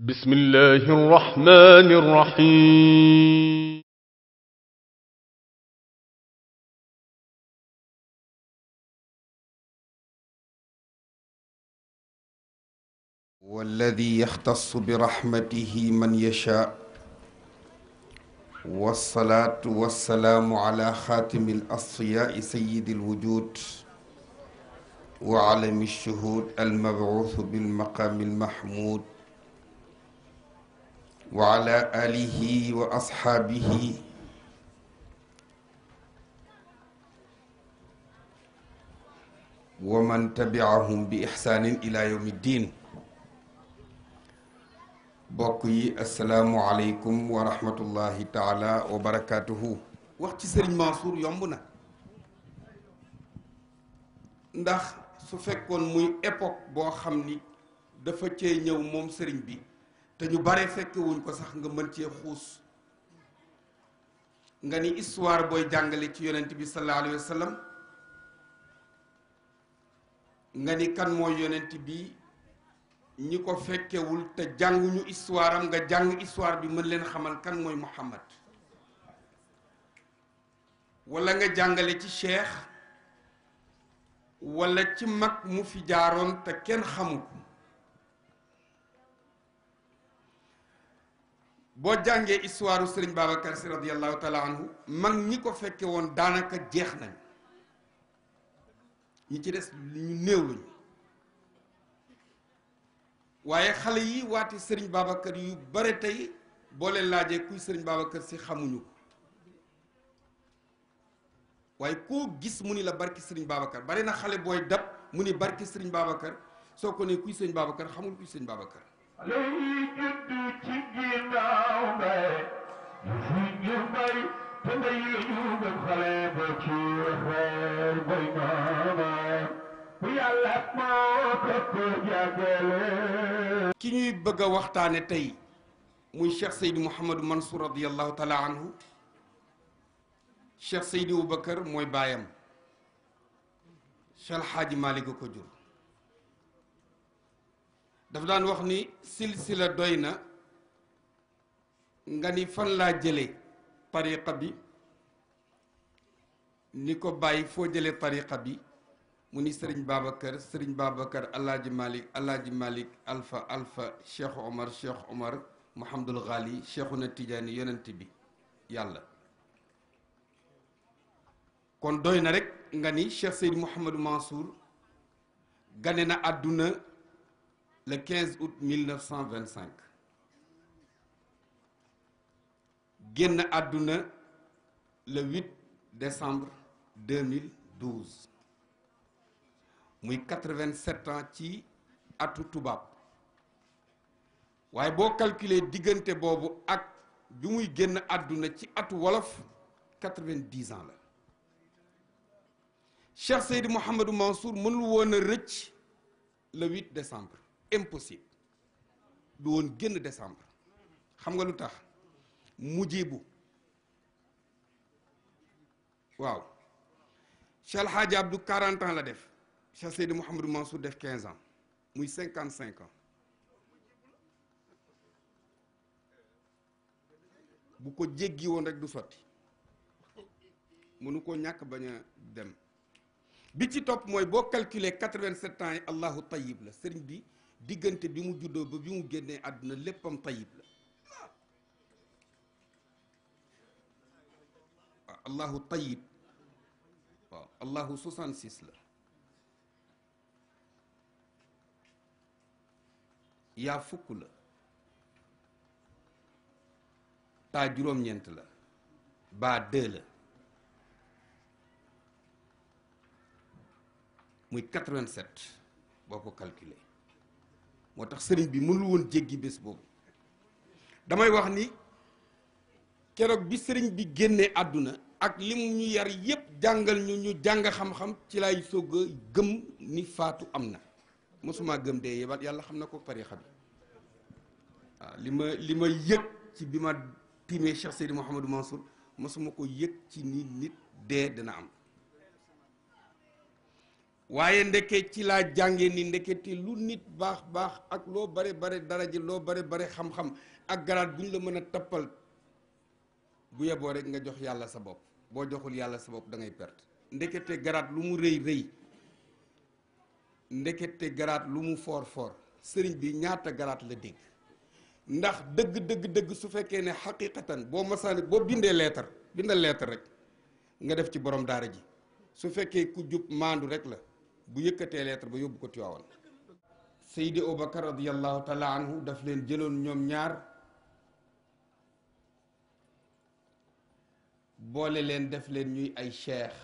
بسم الله الرحمن الرحيم والذي يختص برحمته من يشاء والصلاة والسلام على خاتم الأصفياء سيد الوجود وعلم الشهود المبعوث بالمقام المحمود wa ala alihi wa ashaabihi wa man tabi'ahum diin bokk yi asalaamualeykum wa wax ci sëriñ Mansour yomb na ndax su fekkoon muy époque boo xam ni dafa cee ñëw moom sëriñ bi te ñu bare fekke ko sax nga mën cee xuus nga ni histoire booy jàngale ci yonent bi sallallahu alayhi wa nga ni kan mooy yonent bi ñi ko fekkewul te jànguñu histoire am nga jàng histoire bi mën leen xamal kan mooy Muhammad wala nga jàngale ci cheikh wala ci mag mu fi jaaroon te kenn xamul boo jàngee histoire sëriñ Babacar si radiyallahu taala anhu mag ñi ko fekke woon daanaka jeex nañ ñi ci des ñu néew lañu waaye xale yi waate sëriñ Babacar yu bare tey boo leen laajee kuy sëriñ Babacar si xamuñu ko waaye koo gis mu ni la barki sëriñ Babacar bare na xale booy dab mu ni barki sëriñ Babacar soo ko ne kuy sëriñ Babacar xamul kuy sëriñ Babacar lay juddu ci ginnaaw mbay ñu fi ñu mbay te mbay ñu gëm xale ba ci xeer bay maama bu yàlla moo ki ñuy bëgg a waxtaane tey muy Cheikh Seydi Mouhamadou Mansour radiyallahu taala anhu Cheikh Seydi Aboubacar mooy baayam Cheikh Alxaaji Malick ko jur dafa daan wax ni silsila doy na nga ni fan laa jële tariqa bi ni ko bàyyi foo jële tariqa bi mu ni sëriñ Babacar sëriñ Babacar alaaji Malik alaaji Malik alfa alfa Cheikh Omar Cheikh Omar Mouhamadul Ghali Cheikhuna Tijaani yonent bi yàlla kon doy na rek nga ni Cheikh Seyd Mouhamadou Mansour gane na àdduna le 15 août 1925 génn àdduna le 8 décembre 2012 muy 87 ans ci atu tubaab waaye boo calculer diggante boobu ak bi muy génn àdduna ci atu wolof 90 ans la Cheikh Seydi Mouhamadou Mansour mënul woon a rëcc le 8 décembre. impossible du woon génn décembre xam nga lu tax mujibu waaw Cheikh El Hadj Abdou ans la def Cheikh Seydi Mouhamadou Mansour def 15 ans muy cinquante ans bu ko jéggi woon rek du sotti mënu ko ñàkk bañ a dem bi ci topp mooy boo calculer 87 ans yi Allahu tayyib la sëriñ bi. diggante bi mu juddoo ba bi mu génnee àdduna léppam tayib la waaw ah, allahu tayib waaw allahu 66 la yaa fukk la taa juróom-ñeent la baa deux la muy 87 boo ko calculer moo tax sëriñ bi mënul woon jéggi bés boobu damay wax ni keroog bi sëriñ bi génne àdduna ak li mu ñu yar yépp jàngal ñu ñu jàng xam-xam ci lay soog gëm ni faatu am na mosuma gëm dee yebal yàlla xam na ko pare xam waaw li ma li ma yëg ci bi ma tiimee Cheikh Seydi Mouhamadou Mansour mosuma ko yëg ci ni nit dee dina am waaye ndeke ci laa jànge ni ndekete lu nit baax baax ak loo bare bare ji loo bare bare xam-xam ak garaat bu ñu la mën a tappal bu yeboo rek nga jox yàlla sa bopp boo joxul yàlla sa bopp da ngay perte ndekete garaat lu mu rëy rëy ndekete garaat lu mu foor foor sëriñ bi ñaata garaat la dégg ndax dëgg dëgg dëgg su fekkee ne xaqiqatan boo masaani boo bindee leetar bindal leetar rek nga def ci borom daara ji su fekkee ku jub maandu rek la bu yëkkatee lettre ba yóbbu ko Tiwaawan Seydi Abubakar radiyallahu taala anhu daf leen jëloon ñoom ñaar boole leen def leen ñuy ay cheikh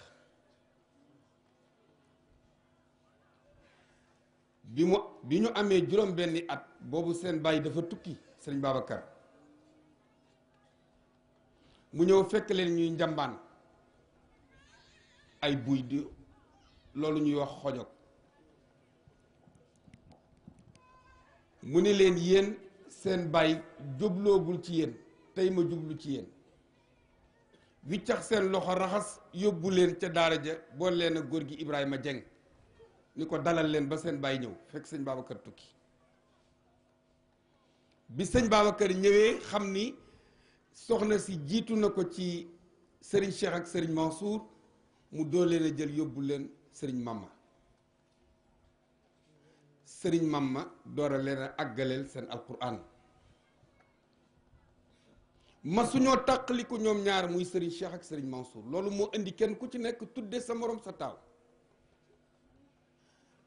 bi mu bi ñu amee juróom benni at boobu seen bàyyi dafa tukki sëriñ Babacar mu ñëw fekk leen ñuy njambaan ay buy di loolu ñuy wax xojog mu ni leen yéen seen baay jubloogul ci yéen tey ma jublu ci yéen wiccax seen loxo raxas yóbbu leen ca daara ja bool leen góor gi Ibrahima Dieng ni ko dalal leen ba seen bàyyi ñëw fekk sëñ Babacar tukki bi sëñ Babacar ñëwee xam ni soxna si jiitu na ko ci sëriñ Cheikh ak sëriñ Mansour mu doo leen jël yóbbu leen sëriñ Mamma sëriñ Mamma door a leen a àggaleel seen alquran ma suñoo tàqaliku ñoom ñaar muy sëriñ Cheikh ak sëriñ Mansour loolu moo indi kenn ku ci nekk tudde sa moroom sa taaw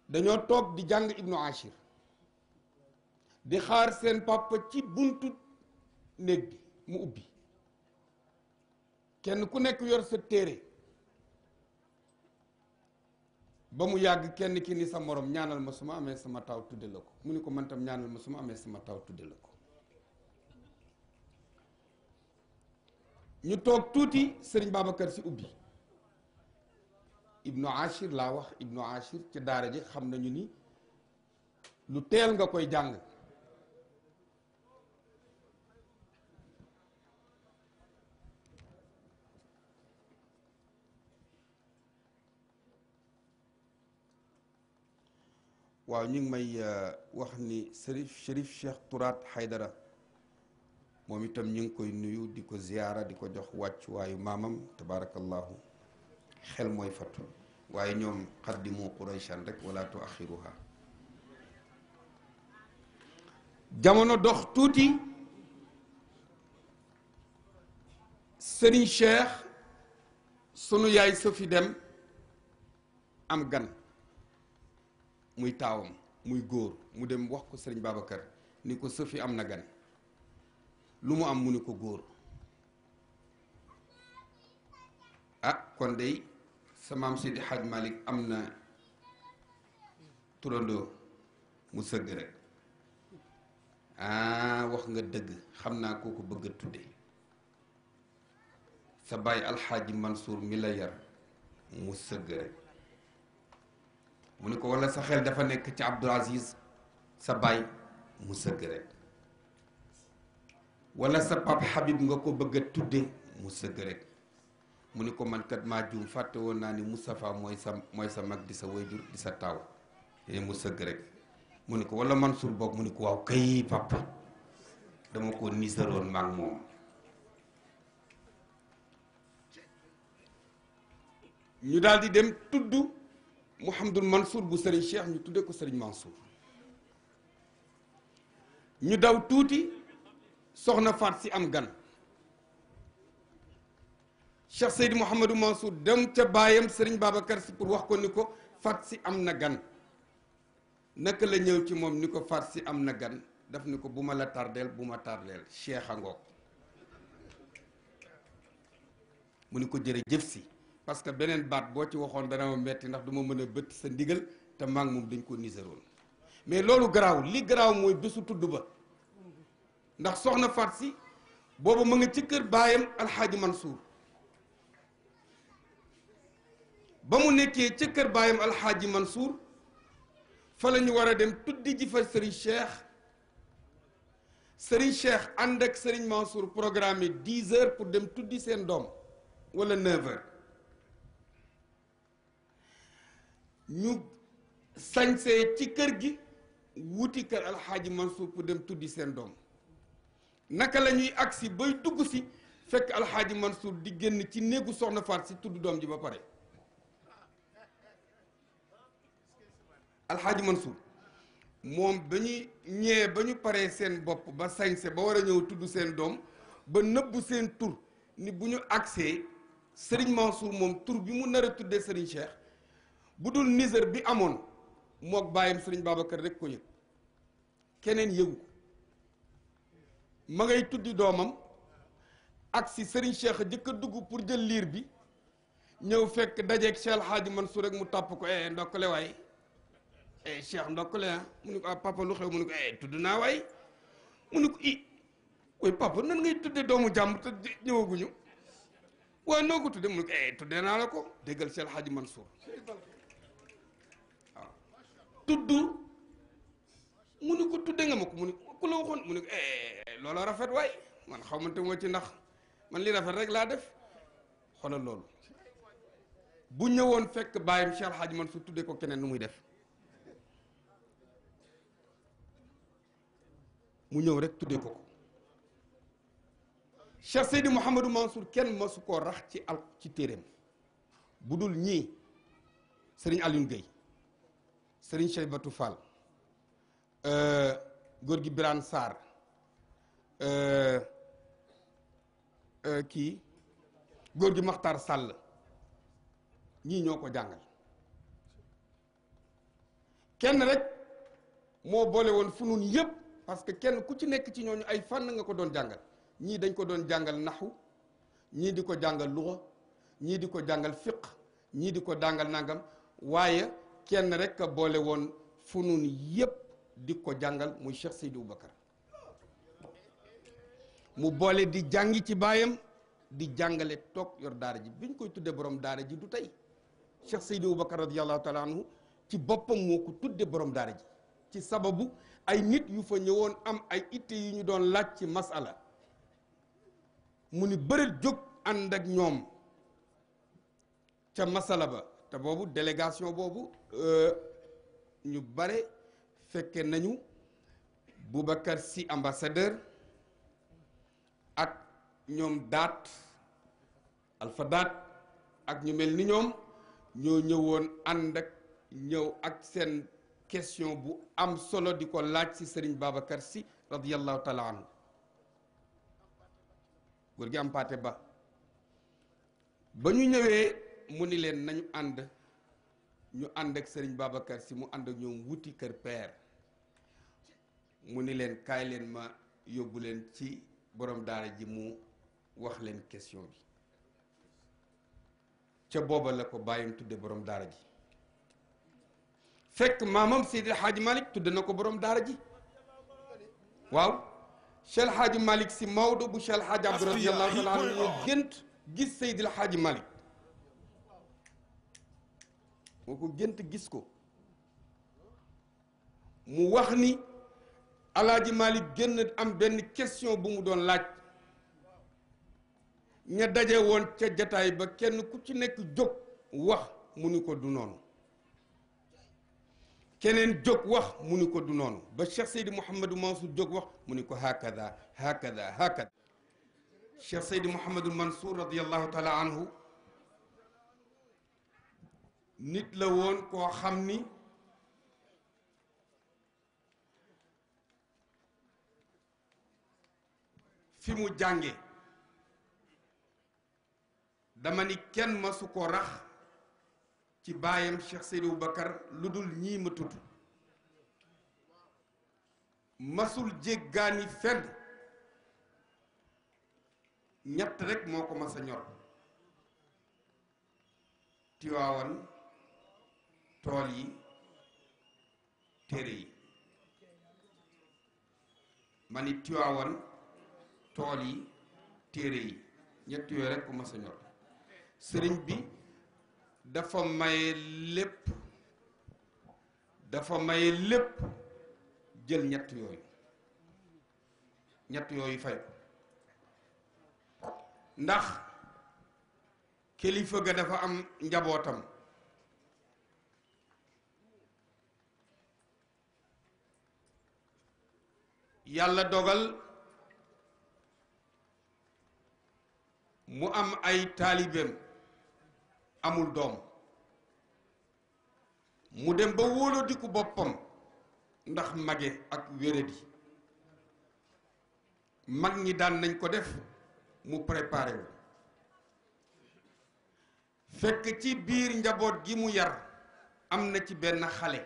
dañoo toog di jàng ibnu Achir di xaar seen papa ci buntu néeg bi mu ubbi kenn ku nekk yor sa téere ba mu yàgg kenn ki ni sa moroom ñaanal ma su ma amee sama taw tudde la ko mu ni ko man tam ñaanal ma su ma amee sama taw tudde la ko ñu toog tuuti sëriñ Babacar si ubbi ibnu Achir laa wax ibnu Achir ci daara ji xam nañu ni lu teel nga koy jàng waaw ñu ngi may euh, wax ni Serif Cherif Cheikh Tourate Haydara moom itam ñu ngi koy nuyu di ko ziyaara di ko jox wàcc waayu maamam tabaarakallaahu xel mooy fatu waaye ñoom xaddimu qurayshan rek wala tuaxiruha jamono dox tuuti Serigne Cheikh sunu yaay sa fi dem am gan muy taawam muy góor mu dem wax ko sëriñ Babacar ni ko Sophie am na gan lu mu am mu ni ko góor ah kon dey sa maam Sidi Hadj Malick am na turandoo mu sëgg rek ah wax nga dëgg xam naa koo ko bëgg a tudde sa bàyyi ji Mansour mi la yar mu sëgg rek mu ne ko wala sa xel dafa nekk ci Abdul Aziz sa baay mu sëgg rek wala sa pap Habib nga ko bëgg a tudde mu sëgg rek mu ne ko man kat maa juum fàtte woon naa ni Moustapha mooy sa sa mag di sa wayjur di sa taaw mu sëgg rek mu ne ko wala Mansour boog mu ne ko waaw kay pap dama ko niisaroon maag moom ñu daal di dem tudd Mouhamadul Mansour bu sëriñ Cheikh ñu tuddee ko Serigne Mansour ñu daw tuuti soxna Faat si am gan Cheikh Seydi Mouhamadou Mansour dem ca baayam Serigne Babacar si pour wax ko ni ko Faat si am na gan naka la ñëw ci moom ni ko Faat si am na gan daf ni ko bu ma la tardeel bu ma tardeel Cheikh a ngoog mu ni ko jërëjëf si. parce que beneen baat boo ci waxoon dana ma metti ndax du mën a bëtt sa ndigal te maag moom dañ ko niseroon mais loolu garaaw li garaaw mooy bésu tudd ba ndax soxna Faat si booba ma nga ci kër baayam alxaaji Mansour ba mu nekkee ca kër baayam alxaaji Mansour fa la ñu war a dem tuddi ji fa Serigne Cheikh Serigne Cheikh ànd ak Serigne Mansour programme 10 heures pour dem tuddi seen doom wala 9 ñu sañsee ci kër gi wuti kër alxaaji Mansour pour dem tuddi seen doom naka la ñuy agsi bay dugg si fekk alxaaji Mansour di génn ci néegu soxna Faat si tudd doom ji ba pare alxaaji Mansour moom ba ñu ñëwee ba ñu paree seen bopp ba sañse ba war a ñëw tudd seen doom ba nëbbu seen tur ni bu ñu agsee Serigne Mansour moom tur bi mu nar a tuddee Serigne Cheikh bu dul Niger bi amoon mook bàyyam sëriñ kër rek ko yëg keneen yëgu ko ma ngay tuddi doomam ak si sëriñ Cheikh jëkk a dugg pour jël liir bi ñëw fekk dajeeg Cheikh El Hadj Mansour rek mu tàpp ko eh ndokkale waay eh Cheikh ndokkale ah. mu ne ko ah papa lu xew mu ne ko eh, tudd mu ne ko i papa nan ngay tudde doomu jàmm te ñëwaguñu waaye noo ko tudde mu ne ko eh tuddee naa la ko déggal Cheikh El Hadj Mansour tudd mu ni ko tudde nga ma ko mu ni ku la waxoon mu ni eh, rafet waay man xaw ma te moo ci ndax man li rafet rek laa def xoolal loolu bu ñëwoon fekk bàyyam Cheikh Hadj man su tuddee ko keneen nu muy def mu ñëw rek tuddee ko ko Cheikh Seydi Mouhamadou Mansour kenn masu koo rax ci al ci téeréem bu dul ñii Serigne Alioune Gueye Serigne Cheybatu Fall euh, góor gi Birane Sarr euh, euh, kii góor gi maxtar Sall ñii ñoo ko jàngal kenn rek moo boole woon funun yëpp parce que kenn ku ci nekk ci ñooñu ay fànn nga ko doon jàngal ñii dañ ko doon jàngal naxu ñii di ko jàngal luxa ñii di ko jàngal fiq ñii di ko dàngal nangam waaye kenn rek a boole woon funun yépp di ko jàngal muy Cheikh Seydou Bakar mu boole di jàngi ci baayam di jàngale toog yor daara ji bi ñu koy tuddee borom daara ji du tey Cheikh Seydou Bakar radiyallahu taala ci boppam moo ko tuddee borom daara ji ci sababu ay nit yu fa ñëwoon am ay itte yu ñu doon laaj ci masala mu ni bëreet jóg ànd ak ñoom ca masala ba te boobu délégation boobu euh, ñu bare fekke nañu Boubacar Sy ambassadeur ak ñoom daat Alpha daat ak ñu mel ni ñoom ñoo ñëwoon ànd ak ñëw ak seen question bu am solo di ko laaj ci sëriñ Babacar Sy radiyallahu taala anhu góor gi am paate ba ba ñu ñëwee mu ni leen nañu ànd ñu ànd ak sëriñ Babacar si mu ànd ak ñoom wuti kër peer mu ni leen kaay leen ma yóbbu leen ci borom daara ji mu wax leen question bi ca booba la ko bàyyam tudde borom daara ji fekk maamam Seydi El Hadji Malick tudde na ko borom daara ji waaw Cheikh El Hadji si Maodo bu Cheikh El Hadji gént gis Seydi El Hadji Malick moo ko gént gis ko mu wax ni alaaji Malick génn am benn question bu mu doon laaj ña daje woon ca jataay ba kenn ku ci nekk jóg wax mu ni ko du noonu keneen jóg wax mu ni ko du noonu ba Cheikh Seydi Mouhamadou Mansour jóg wax mu ni ko hakada hakada hakada Cheikh Seydi Mouhamadou Mansour radiallahu taala anhu nit la woon koo xam ni fi mu jànge dama ni kenn masu ko rax ci baayam Cheikh Seydou Bakar lu dul ñii ma tudd masul jéggaani fenn ñett rekk moo ko mas a ñor Tiwaawan tool yi téere yi ma ni Tiwaawan tool yi téere yi ñett yooyu rek ma sa ñor sëriñ bi dafa maye lépp dafa maye lépp jël ñett yooyu ñett yooyu fay ndax kilifa ga dafa am njabootam yàlla dogal mu am ay taalibeem amul doom mu dem ba wóolodiku boppam ndax mage ak wéradi mag ñi daan nañ ko def mu préparé fekk ci biir njaboot gi mu yar am na ci benn xale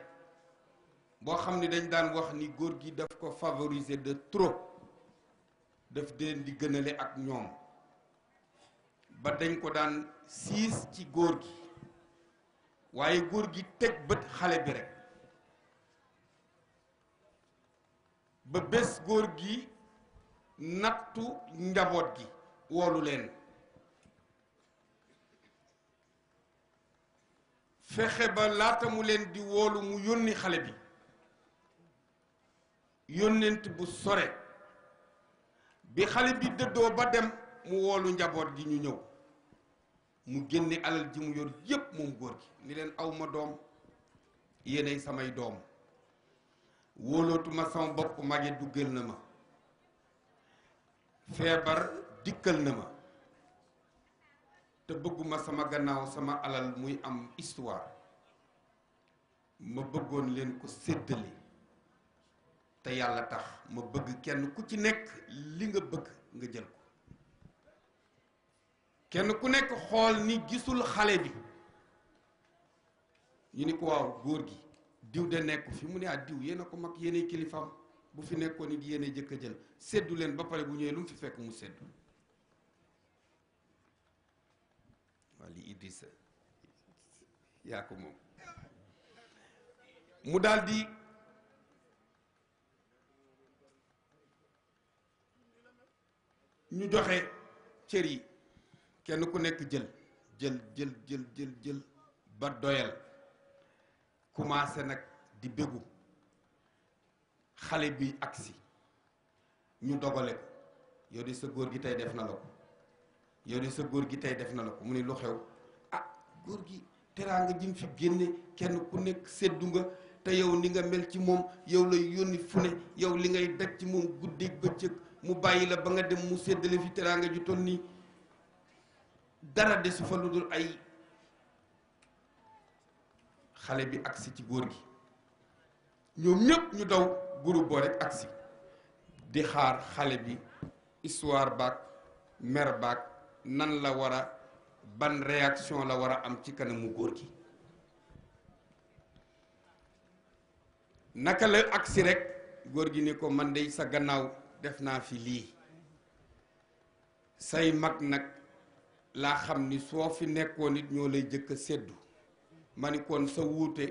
boo xam ne dañ daan wax ni góor gi daf ko favoriser de trop daf deen di gënale ak ñoom ba dañ ko daan siis ci góor gi waaye góor gi teg bët xale bi rek ba bés góor gi nattu njaboot gi woolu leen fexe ba laata mu leen di woolu mu yónni xale bi yónnent bu sore bi xale bi dëddoo ba dem mu woolu njaboot gi ñu ñëw mu génne alal ji mu yor yépp moom góor gi ni leen awma doom yéenay samay doom wóolootuma sama bopp mage duggal na ma feebar dikkal na ma te bëgguma sama gannaaw sama alal muy am histoire ma bëggoon leen ko séddale te yàlla tax ma bëgg kenn ku ci nekk li nga bëgg nga jël ko kenn ku nekk xool ni gisul xale bi ñu ni ko waaw góor gi diw de nekk fi mu ne ak ah, diw yéen a ko mag yéenay kilifaam bu fi nekkoon it yéenay jëkk a jël seddu leen ba pare bu ñëwee lu mu fi fekk mu seddu waa li Idrissa yaa ko moom mu daldi ñu joxe cër yi kenn ku nekk jël jël jël jël jël jël ba doyal commencé nag di bégu xale bi agsi ñu dogale ko yow di sa góor gi tey def na la ko sa góor gi tey def na la ko mu ni lu xew ah góor gi teraanga jim fi génne kenn ku nekk seddu nga te yow ni nga mel ci moom yow lay yónni fu yow li ngay daj ci moom ba bëccëg mu bàyyi la ba nga dem mu séddale fi teraanga ju toll nii dara desu fa lu dul ay xale bi agsi ci góor gi ñoom ñëpp ñu daw groupe boo rek agsi di xaar xale bi histoire baag mer baag nan la war a ban réaction la war a am ci kanamu góor gi naka la agsi rekk góor gi ni ko man dey sa gannaaw def naa fi lii say mag nag laa xam ni soo fi nekkoon nit ñoo lay jëkk a séddu ma ni kon sa wuute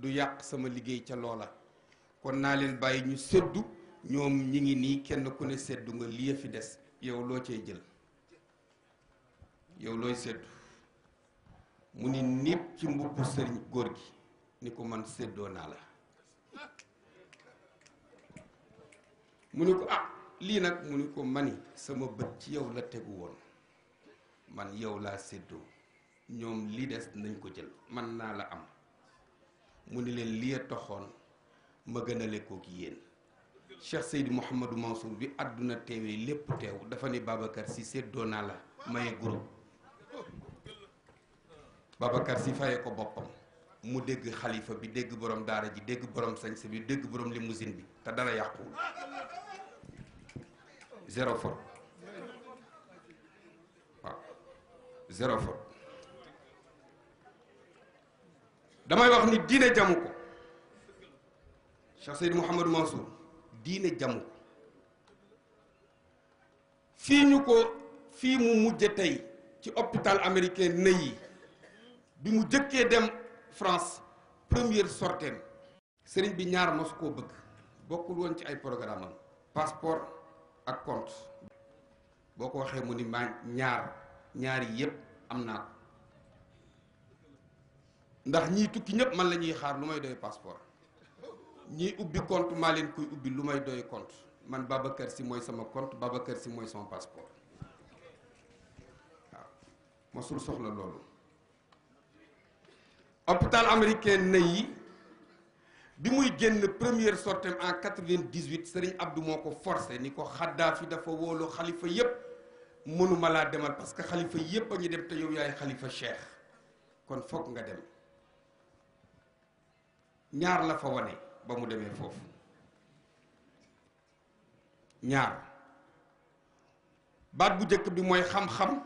du yàq sama liggéey ca loola kon naa leen bàyyi ñu séddu ñoom ñi ngi nii kenn ku ne séddu nga lii a fi des yow loo cay jël yow looy séddu mu ni nipp ci mbubbu sëriñ góor gi ni ko man seddoo naa la mu ni ko ah lii nag mu ni ko mani sama bët ci yow la tegu woon man yow laa séddoo ñoom li des nañ ko jël man naa la am mu ni leen li a toxoon ma gën a lekkoog yéen Cheikh Seydi Mouhamadou Mansour bi àdduna teewee lépp teew dafa ne Babacar si seddoo naa la maye groupe Babacar si faye ko boppam mu dégg xalifa bi dégg borom daara ji dégg borom sañse bi dégg borom limousine bi te dala yàquwul zéro faute damay wax ni diine jamu ko Cheikh Seydou Mouhamadou Mansour diine jamu ko fii ñu ko fii mu mujje tey ci hôpital américain nëy bi mu jëkkee dem France première sorteem sëriñ bi ñaar mosu koo bëgg bokkul woon ci ay programme am passeport ak compte boo ko waxee mu ni ma ñaar ñaari yi yëpp am naa ndax ñii tukki ñëpp man la ñuy xaar lu may doy passeport ñii ubbi compte ma leen kuy ubbi lu may doy compte man Babacar Sy mooy sama compte Babacar si mooy son passeport waaw mosul soxla loolu hôpital américain yi bi muy génn première sortem en quatre-vingt-dix-huit Serigne Abdou moo ko forcé ni ko Xaddaafi dafa woolu xalifa yépp mënuma laa demal parce que xalifa yépp a ñu dem te yow yaay xalifa cheikh kon foog nga dem ñaar la fa wane ba mu demee foofu ñaar baat bu jëkk bi mooy xam-xam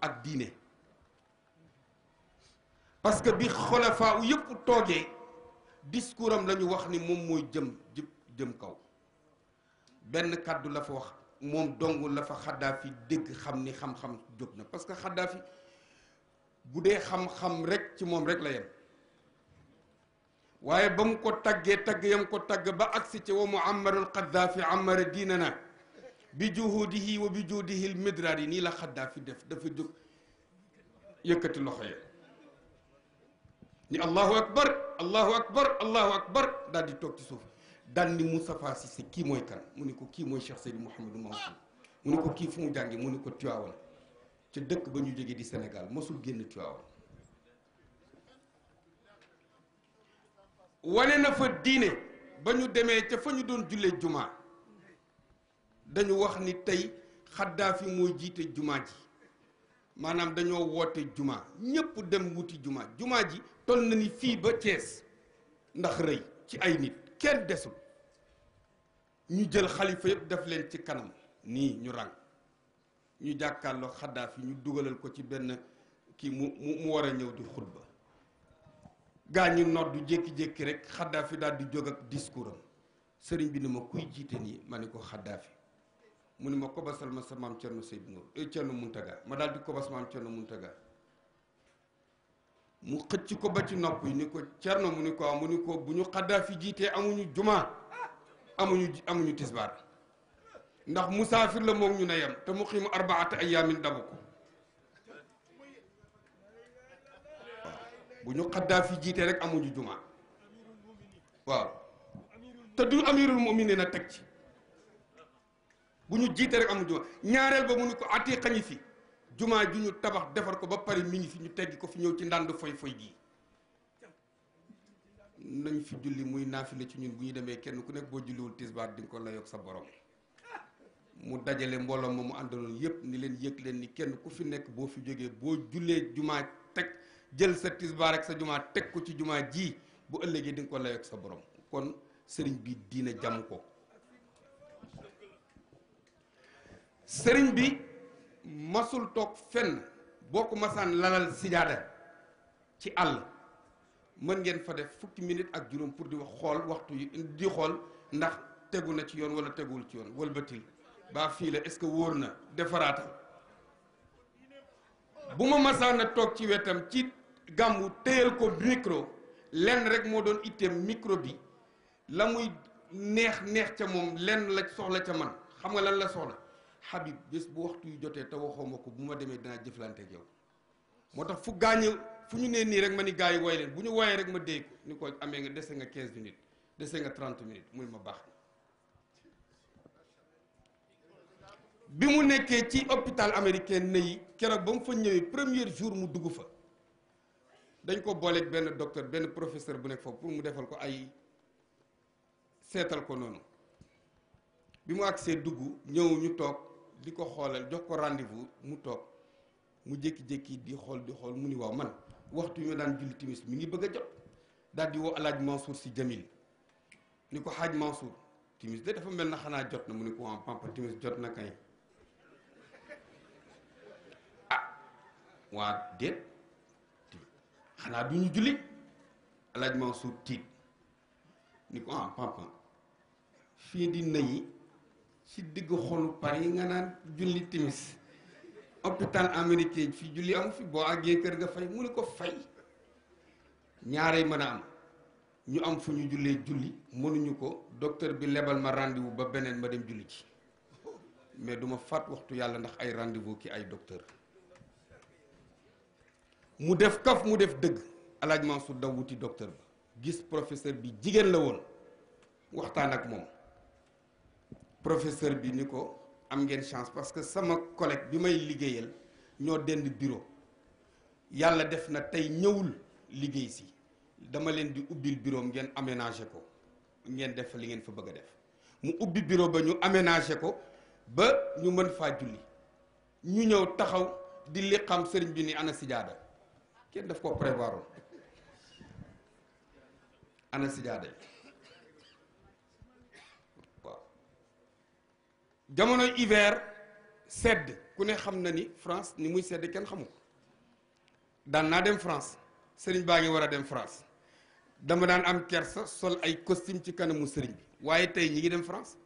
ak diine parce que bi xolafaa yëpp toogee discours am la wax ni moom mooy jëm jëm kaw benn kàddu la fa wax moom dong la fa xaddaafi dégg xam ni xam-xam jóg na parce que xaddaafi bu dee xam-xam rek ci moom rek la yem waaye ba mu ko taggee tagg yam ko tagg ba agsi ca wa muammarul xaddaafi amara diinana bi juhudihi wa bi juhudihi l yi nii la xaddaafi def dafa jóg yëkkati loxo yi ni allahu akbar allahu akbar allahu akbar daal di toog ci suuf daal ni Moustapha Cissé kii mooy kan mu ni ko kii mooy Cheikh Seydou Mouhamadou Mansour mu ni ko kii fu mu jànge mu ni ko Tiwaawan ca dëkk ba ñu jógee di senegal mosul génn Tiwaawan wane na fa diine ba ñu demee ca fa ñu doon jullee jumaa dañu wax ni tey Xaddaafi mooy jiite jumaa ji maanaam dañoo woote jumaa ñëpp dem wuti jumaa jumaa ji toll na ni fii ba Thiès ndax rëy ci ay nit kenn desul ñu jël xalifa yëpp def leen ci kanam nii ñu ràng ñu jàkkaarloo xaddaafi ñu dugalal ko ci benn kii mu mu war a ñëw di xutba gaa ñi noddu jékki-jékki rek xaddaafi daal di jóg ak discours sëriñ bi ni ma kuy jiite nii ma ni ko xaddaafi mu ni ma kobasal ma sa maam Cerno Seydou Nour eh, Cerno Muntaga ma daal di kobas maam Cerno Muntaga mu xëcc ko ba ci nopp yi ni ko cerno mu ni ko mu ni ko bu ñu xaddaafi jiitee amuñu jumaa amuñu amuñu tisbaar ndax musaafir la moom ñu ne yem te mu xiimu ay ayaamin dabu ko waaw bu ñu xaddaafi jiitee rek amuñu jumaa waaw te du amirul mu'minin a teg ci bu ñu jiitee rek amuñu jumaa ñaareel ba mu ni ko atiqa ñi fi jumaa ji ñu tabax defar ko ba pare mi ngi fi ñu tegg ko fi ñëw ci ndànd foy foy gii nañ fi julli muy naafile ci ñun bu ñu demee kenn ku nekk boo julliwul tisbaar di nga ko layoog sa borom mu dajale mbooloo ma mu àndaloon yépp ni leen yëg leen ni kenn ku fi nekk boo fi jógee boo jullee jumaa teg jël sa tisbaar ak sa jumaa teg ko ci jumaa jii bu ëllëgee di nga ko layoog sa boroom kon sëriñ bi diine jàmm ko sëriñ bi masul toog fenn boo ko masaan lalal sijaada ci àll mën ngeen fa def fukki minute ak juróom pour di wax xool waxtu yi di xool ndax tegu na ci yoon wala teguwul ci yoon wëlbatil baa fii la est-ce que wóor na defaraatal bu ma masaan a toog ci wetam ci gàmmu téyal ko micro lenn rek moo doon itteem micro bi la muy neex neex ca moom lenn la soxla ca man xam nga lan la soxla Habib bés bu waxtu yu jotee te waxoo ma ko bu ma demee dinaa jëflante yow moo tax fu gaañu fu ñu nee nii rek ma ni gars yi wooy leen bu ñu wooyee rek ma déy ko ni ko amee nga dese nga 15 minutes desee nga trent minutes muy ma baax bi mu nekkee ci hôpital américain nayi keroog ba mu fa ñëwee premier jour mu dugg fa dañ ko booleeg benn docteur benn professeur bu nekk foofu pour mu defal ko ay seetal ko noonu bi mu agsee dugg ñëw ñu toog di ko xoolal jox ko rendez-vous mu toog mu jékki-jékki di xool di xool mu ni waaw man waxtu yu ma daan julli timis mi ngi bëgg a jot daal di woo alaaj Mansour si Jamil ni ko xaaj Mansour timis de dafa mel na xanaa jot na mu ni ko waa pampa jot na kañ ah xanaa du ñu julli alaaj Mansour tiit ni ko ah, fii di nayi ci diggu xolu Paris nga naan julli timis hôpital américain fi julli am fi boo àggee kër nga fay mu ne ko fay ñaaree mën a am ñu am fu ñu jullee julli mënuñu ko docteur bi lebal ma rendez-vous ba beneen ma dem julli ci mais duma fàtt waxtu yàlla ndax ay rendez-vous ki ay docteur mu def kaf mu def dëgg alaaj Mansour daw wuti docteur ba gis professeur bi jigéen la woon waxtaan ak moom professeur bi ni ko am ngeen chance parce que sama collègue bi may liggéeyal ñoo dend bureau yàlla def na tey ñëwul liggéey si dama leen di ubbil bureau ngeen aménagé ko ngeen def fa li ngeen fa bëgg a def mu ubbi bureau ba ñu aménagé ko ba ñu mën faa julli ñu ñëw taxaw di li xam sëriñ bi ni ana sijaada kenn daf ko prévoiroon ana sijaada yi jamono hiver sedd ku ne xam na ni France ni muy sedd kenn xamu ko daan naa dem France sëriñ baa ngi war a dem France dama daan am kersa sol ay costume ci kanamu sëriñ bi waaye tey ñi ngi dem France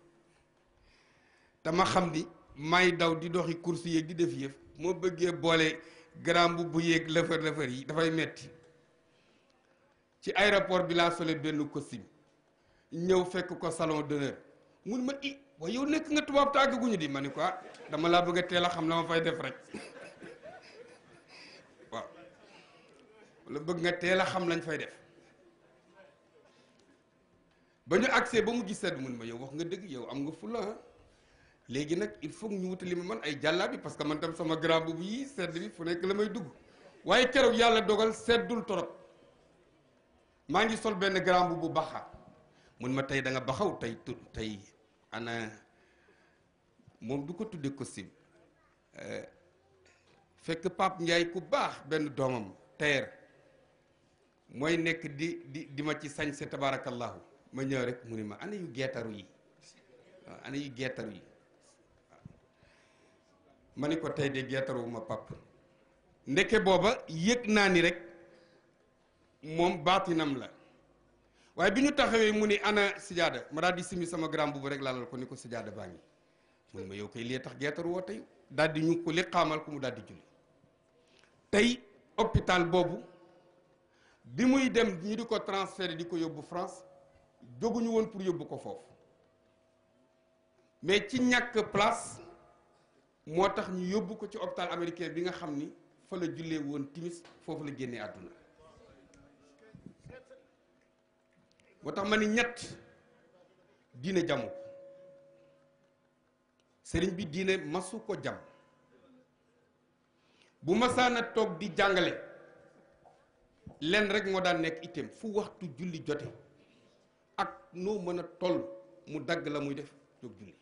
dama xam ni may daw di doxi course yéeg di def yëf moo bëggee boole grand bu bu yéeg lëfër lëfër yi dafay metti ci aéroport bi laa sole benn costume ñëw fekk ko salon d'honneur mun ma i waaye yow nekk nga tubaab tàgg guñu di ma ni quoi ah, dama laa bëgg a teel a xam la ma fay def rek waaw la bëgg nga teel a xam lañ fay def ba ñu accès ba mu gis sedd mun ma yow wax nga dëgg yow am nga fula ah. léegi nag il faut ñu wutali ma man ay jàllaabi parce que man tam sama grand bu yi sedd bi fu nekk la may dugg waaye keroog yàlla dogal seddul torop maa ngi sol benn grand bu baxa mun ma tey danga nga baxaw tey tut tey ana moom du ko tuddee ko costume euh, fekk Pape njaay ku baax benn doomam tailleur mooy nekk di di di ma ci sañse tabarakallahu ma ñëw rek mu ni ma ana yu geetaru yi waaw ana yu geetaru yi ma ni ko tey de geetaru ma ndeke booba yëg naa ni rek moom baatinam la waaye bi ñu taxawee mu ni ana sijaada ma daal di sama grand bubu rek laalal ko ni ko sijaada baa ngi mun ma yow koy lee tax geetaru woo tey daal di ñu ko liqaamal ko mu daal di julli tey hôpital boobu bi muy dem ñu di ko transféré di ko yóbbu France jóguñu woon pour yóbbu ko foofu mais ci ñàkk place moo tax ñu yóbbu ko ci hôpital américain bi nga xam ni fa la jullee woon timis foofu la génnee àdduna moo tax ma ni ñett diine jamu sëriñ bi diine masu ko jam bu masaana toog di jàngale lenn rek moo daan nekk itam fu waxtu julli jote ak noo mën a toll mu dagg la muy def jóg julli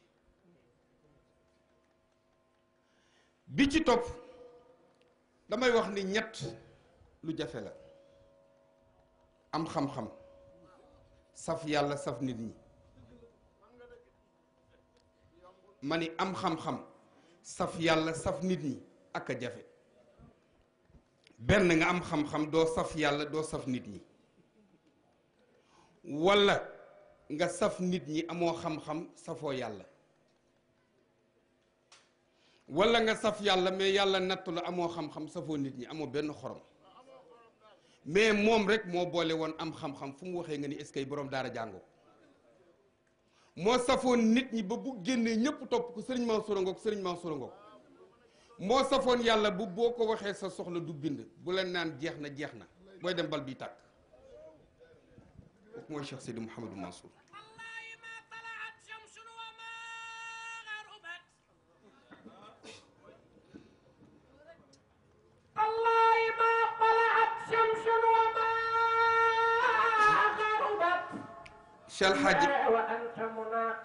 bi ci topp damay wax ni ñett lu jafe la am xam-xam saf yàlla saf nit ñi ma ni am xam-xam saf yàlla saf nit ñi ak a jafe benn nga am xam-xam doo saf yàlla doo saf nit ñi walla nga saf nit ñi amoo xam-xam safoo yàlla walla nga saf yàlla mais yàlla nattu la amoo xam-xam safoo nit ñi amoo benn xorom mais moom rek moo boole woon am xam-xam fu mu waxee nga ni est-ce que borom daara jàngoo moo safoon nit ñi ba bu génnee ñëpp topp ko sëriñ Mansour ngoog sëriñ Mansour ngoog moo safoon yàlla bu boo ko waxee sa soxla du bind bu la naan jeex na jeex na booy dem bal bi tàkk kooku mooy Cheikh Seydi Mouhamadou Mansour الشمس وما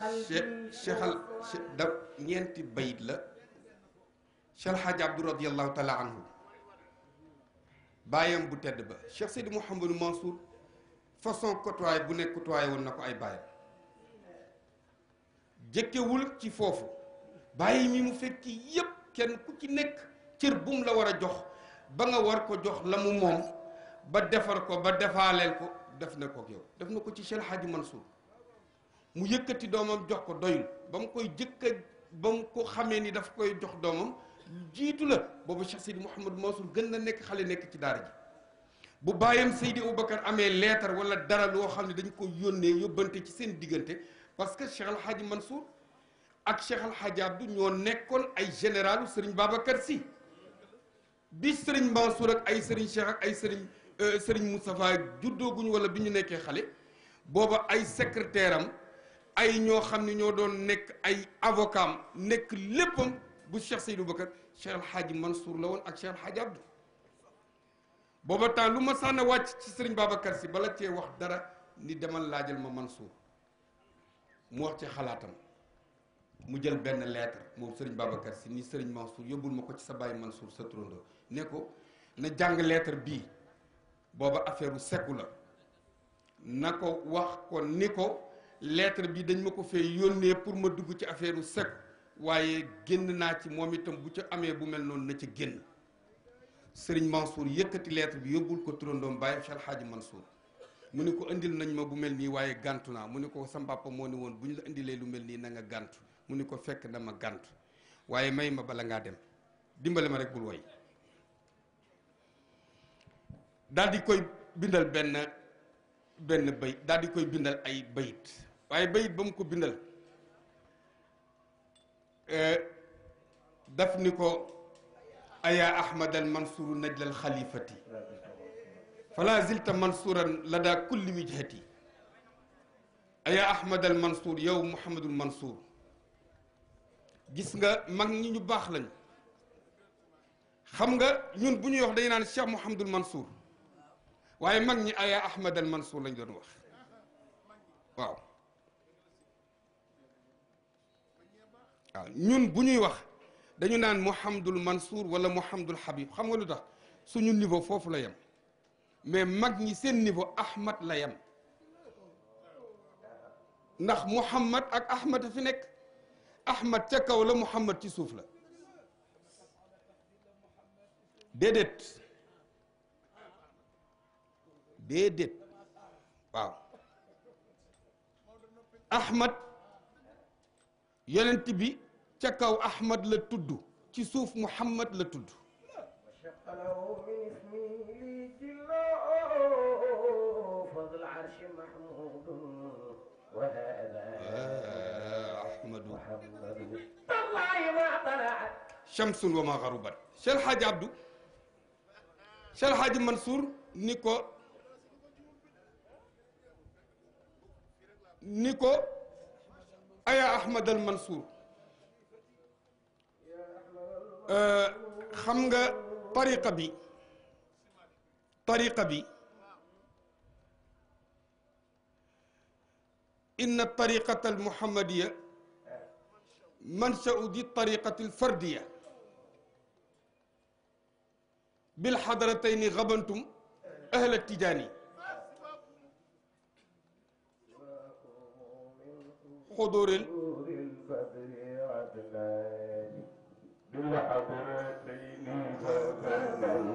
غربت da ñeenti bayit la Cheikh El Hadj bu tedd ba Cheikh Seydi Mouhamadou Mansour façon côtoyé bu nekk côtoyé woon na ko ay bàyyam jëkkewul ci foofu bàyyi mi mu fekki yépp kenn ku ci nekk cër bum la war a jox ba nga war ko jox la mu moom ba defar ko ba defaaleel ko def na ko def na ko ci Cheikh Hadji Mansour mu yëkkati doomam jox ko doyul ba mu koy jëkka ba mu ko xamee ni daf koy jox doomam jiitu la boobu Cheikh Seydi Mouhamadou Mansour gën na nekk xale nekk ci daara ji bu bàyyam Seydi Aboubacar amee leetar wala dara loo xam ne dañu ko yónnee yóbbante ci seen diggante parce que Cheikh Al Hadji Mansour ak Cheikh Al Hadji Abdou ñoo nekkoon ay généralu Serigne Babacar si bi Serigne Mansour ak ay Serigne Cheikh ak ay Serigne Euh, Serigne Moustapha juddooguñu wala bi ñu nekkee xale booba ay secrétaire am ay ñoo xam ne ñoo doon nekk ay avocat am nekk léppam bu Cheikh Seydou Bakar Cheikh El Hadj Mansour la woon ak Cheikh El Hadj booba temps lu ma sànna wàcc ci sëriñ Babacar si bala cee wax dara ni demal laajal ma Mansour mu wax ci xalaatam mu jël benn lettre moom sëriñ Babacar si ni Serigne Mansour yóbbul ma ko ci sa bàyyi Mansour sa turandoo ne ko na jàng lettre bii booba affaire sekku la na ko wax ko ni ko lettre bi dañ ma ko fee yónnee pour ma dugg ci affaire sekku waaye génn naa ci moom itam bu ci amee bu mel noonu na ci génn sëriñ Mansour yëkkati lettre bi yóbbul ko trondom bàyyi xel xaaji Mansour mu ne ko indil nañ ma bu mel nii waaye gàntu naa mu ne ko sa mbàppa moo ne woon bu ñu la indilee lu mel nii na nga gàntu mu ne ko fekk na ma gàntu waaye may ma bala ngaa dem dimbali ma rek bul woy daal di koy bindal benn benn bayit daal di koy bindal ay bayit waaye bayit ba mu ko bindal e, daf ni ko ayaa ahmad al mansuuru najd al xalifati falaa zilta mansuuran ladaa kulli wijhati ayaa ahmad al mansuur yow muhammadul mansuur gis nga mag ñi ñu baax lañ xam nga ñun bu ñuy wax dañu naan Cheikh Mouhamadul Mansour waaye mag ñi aya ahmad al mansour lañ doon wax waaw ñun bu ñuy wax dañu naan mouhamadul mansour wala mouhamadul habib xam nga lu tax suñu niveau foofu la yem mais mag ñi seen niveau ahmad la yem ndax mouhamad ak ahmad a fi nekk ahmad ca kaw la mouhamad ci suuf la déedéet déedéet waaw ahmad yonent bi ca kaw ahmad la tudd ci suuf muhammad la tudd ah, ahmadu shamsun wa ma garubat Cheikh Hadj Abdou Cheikh Hadj Mansour ni ko ni ko aya ahmad al mansour euh, xam nga tariqa bi tariqa bi inna tariqata al muhammadiya manshau di tariqati al fardiya bil xadaratayni gabantum ahla tijaani xuduril بالحضرتين فبنيت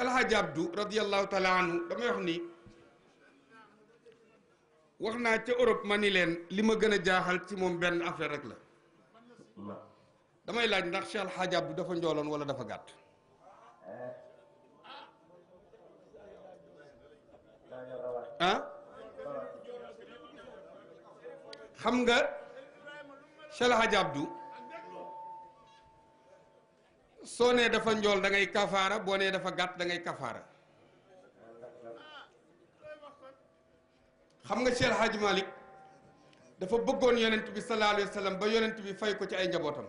Alxaaji Abdu radiyallahu taala anhu damay wax ni wax naa ca Europe ma ni leen li ma gën a jaaxal ci moom benn affaire rek la damay laaj ndax Cheikh Alxaaji dafa njooloon wala dafa gàtt xam nga Cheikh Alxaaji soo nee dafa njool da ngay kafaara boo nee dafa gàtt dangay ngay kafaara xam nga Cheikh Hadj Malick dafa bëggoon yonent bi sallallahu alayhi sallam ba yonent bi fay ko ci ay njabootam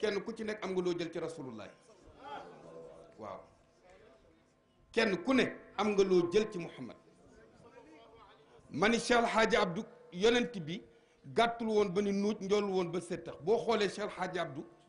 kenn ku ci nekk am nga loo jël ci rasulullah waaw kenn ku ne am nga loo jël ci muhammad mani Cheikh Hadj Abdou yonent bi gàttul woon ba ni nuuj njool woon ba séttax boo xoolee Cheikh Hadj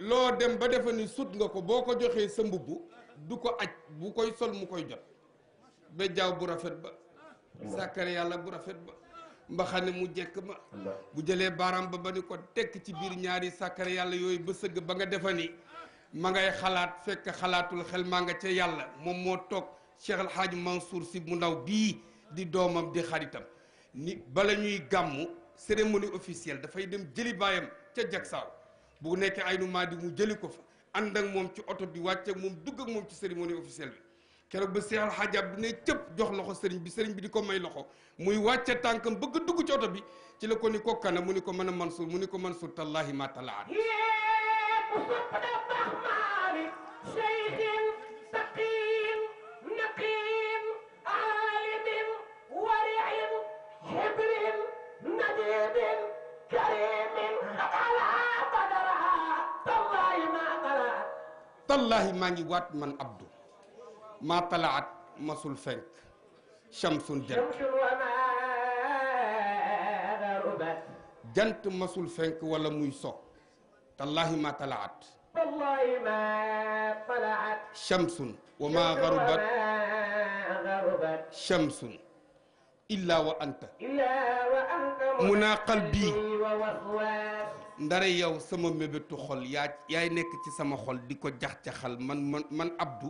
loo dem ba defa ni sut nga ko boo ko joxee sa mbubb du ko aj bu koy sol mu koy jot ba jaaw bu rafet ba sàkkar yàlla bu rafet ba mbaxane mu jekk ma bu jëlee baaraam ba ba ne ko tekk ci biir ñaari sàkkar yàlla yooyu ba sëgg ba nga defe ni ma ngay xalaat fekk xalaatul xel maa nga ca yàlla moom moo toog Cheikh El Hadj Mansour si mu ndaw bii di doomam di xaritam ni bala ñuy gàmmu cérémonie officielle dafay dem jëli baayam ca Jaksaaw bu nekkee ay nu di mu jëli ko fa ànd ak moom ci oto bi wàcc ak moom dugg moom ci cérémonie officielle bi keroog ba Seex Alxaaji Abdu ne cëpp jox loxo sëriñ bi sëriñ bi di ko may loxo muy wàcce tànkam bëgg dugg ci oto bi ci la ko ni ko kana mu ni ko mën a Mansuur mu ni ko Mansuur tallaahi ma talaan tallaahi maa ngi waat man abdu maa talaat masul fenk shamsun jant jant masul fenk wala muy so tallaahi maa talaat shamsun wa maa garubat shamsun illaa wa anta munaa qalbi ndara yow sama mébétu xol yaa yaay nekk ci sama xol di ko jax-jaxal man man man abdu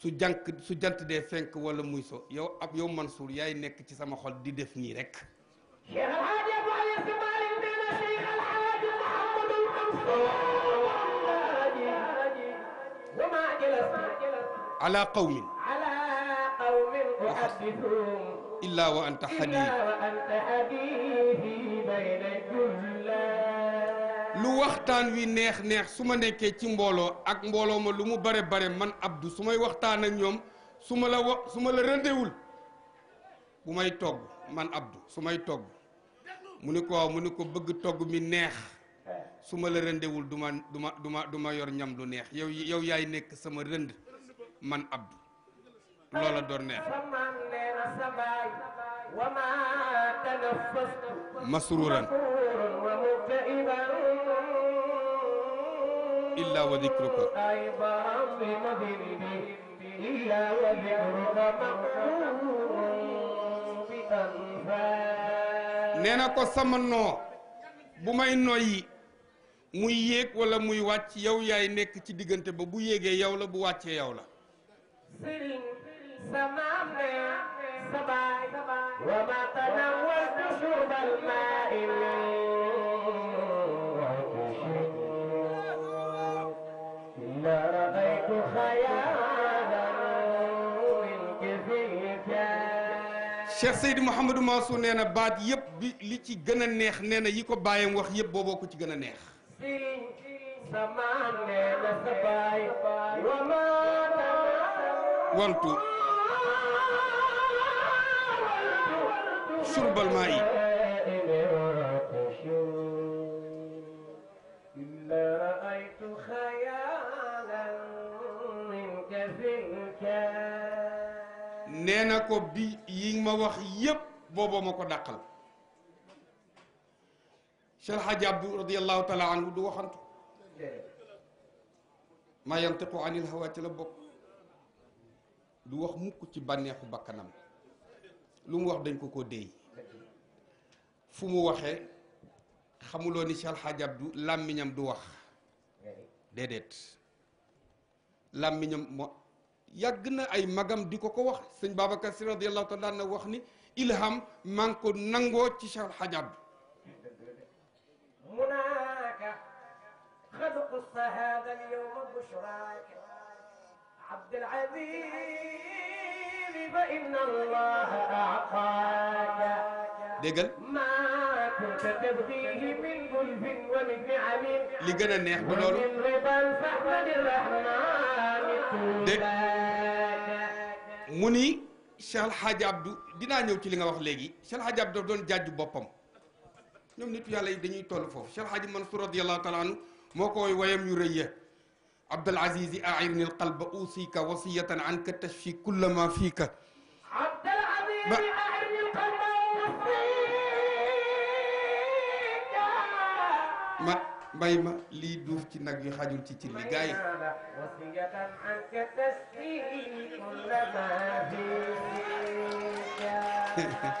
su jànk su jant dee fenk wala muy so yow ab yow Mansour yaay nekk ci sama xol di def nii rekk ala qawmin illa wa anta hadith lu waxtaan wi neex neex su ma nekkee ci mbooloo ak mbooloo ma lu mu bare bare man abdu su may waxtaan ak ñoom su ma la wa su ma la rëndewul bu may togg man abdu su may togg mu ni ko waaw mu ni ko bëgg togg mi neex su ma la rëndewul du ma du ma du du ma yor ñam lu neex yow yow yaay nekk sama rënd man Abdou loola doon neex مسرورا إلا وذكرك أيضا بمذنبي إلا وذكرك مقرور بأنفاس نينا كو سمنو بوماي نوي muy yéeg wala muy wàcc yow yaay nekk ci diggante ba bu yéegee yow la bu wàccee yow la. سمام سباي وما تناولت شرب الماء لا رأيت خيالا من كفيك Cheikh Seydi Mouhamadou Mansour nee na baat yëpp bi li ci gën a neex nee na yi ko bàyyam wax yëpp booboo ko ci gën a neex. wantu. شرب الماء إلا رأيت خيالا منك في الكون nee na ko bi yi ma wax yépp booba ma ko dàqal Cheikh Hadj Abdou radiyallahu taala anhu du waxantu maa yantiqu anil hawa ci la bokk du wax mukk ci bànneexu bakkanam lu mu wax dañ ko ko déy fu mu waxee xamuloo ni Cheikh Al Hadj Abdou làmmiñam du wax déedéet làmmiñam yàgg na ay magam di ko ko wax sëñ Babacar Si radiyallahu taala wax ni ilham maa ko nangoo ci Cheikh Al Hadj Abdou munaaka xaduqu sahaada al yawma bushraaka Abdul Aziz déggal li gën a neex bu loolu dé mu ni Cheikh Alhaji Abdou dinaa ñëw ci li nga wax léegi Cheikh Alhaji Abdou daf doon jàjju boppam ñoom nitu yàlla yi dañuy toll foofu Cheikh Alhaji Mansour radiyallahu taala anhu moo ko woy wayam yu rëy ya abdul azizi a'irini al qalba usika wasiyatan anka tashfi kulla ma fika abdul azizi a'irini al qalba usika ma mbay ma lii duuf ci nag yi xajul ci cin li gaa yi wasiyatan anka tashfi kulla ma fika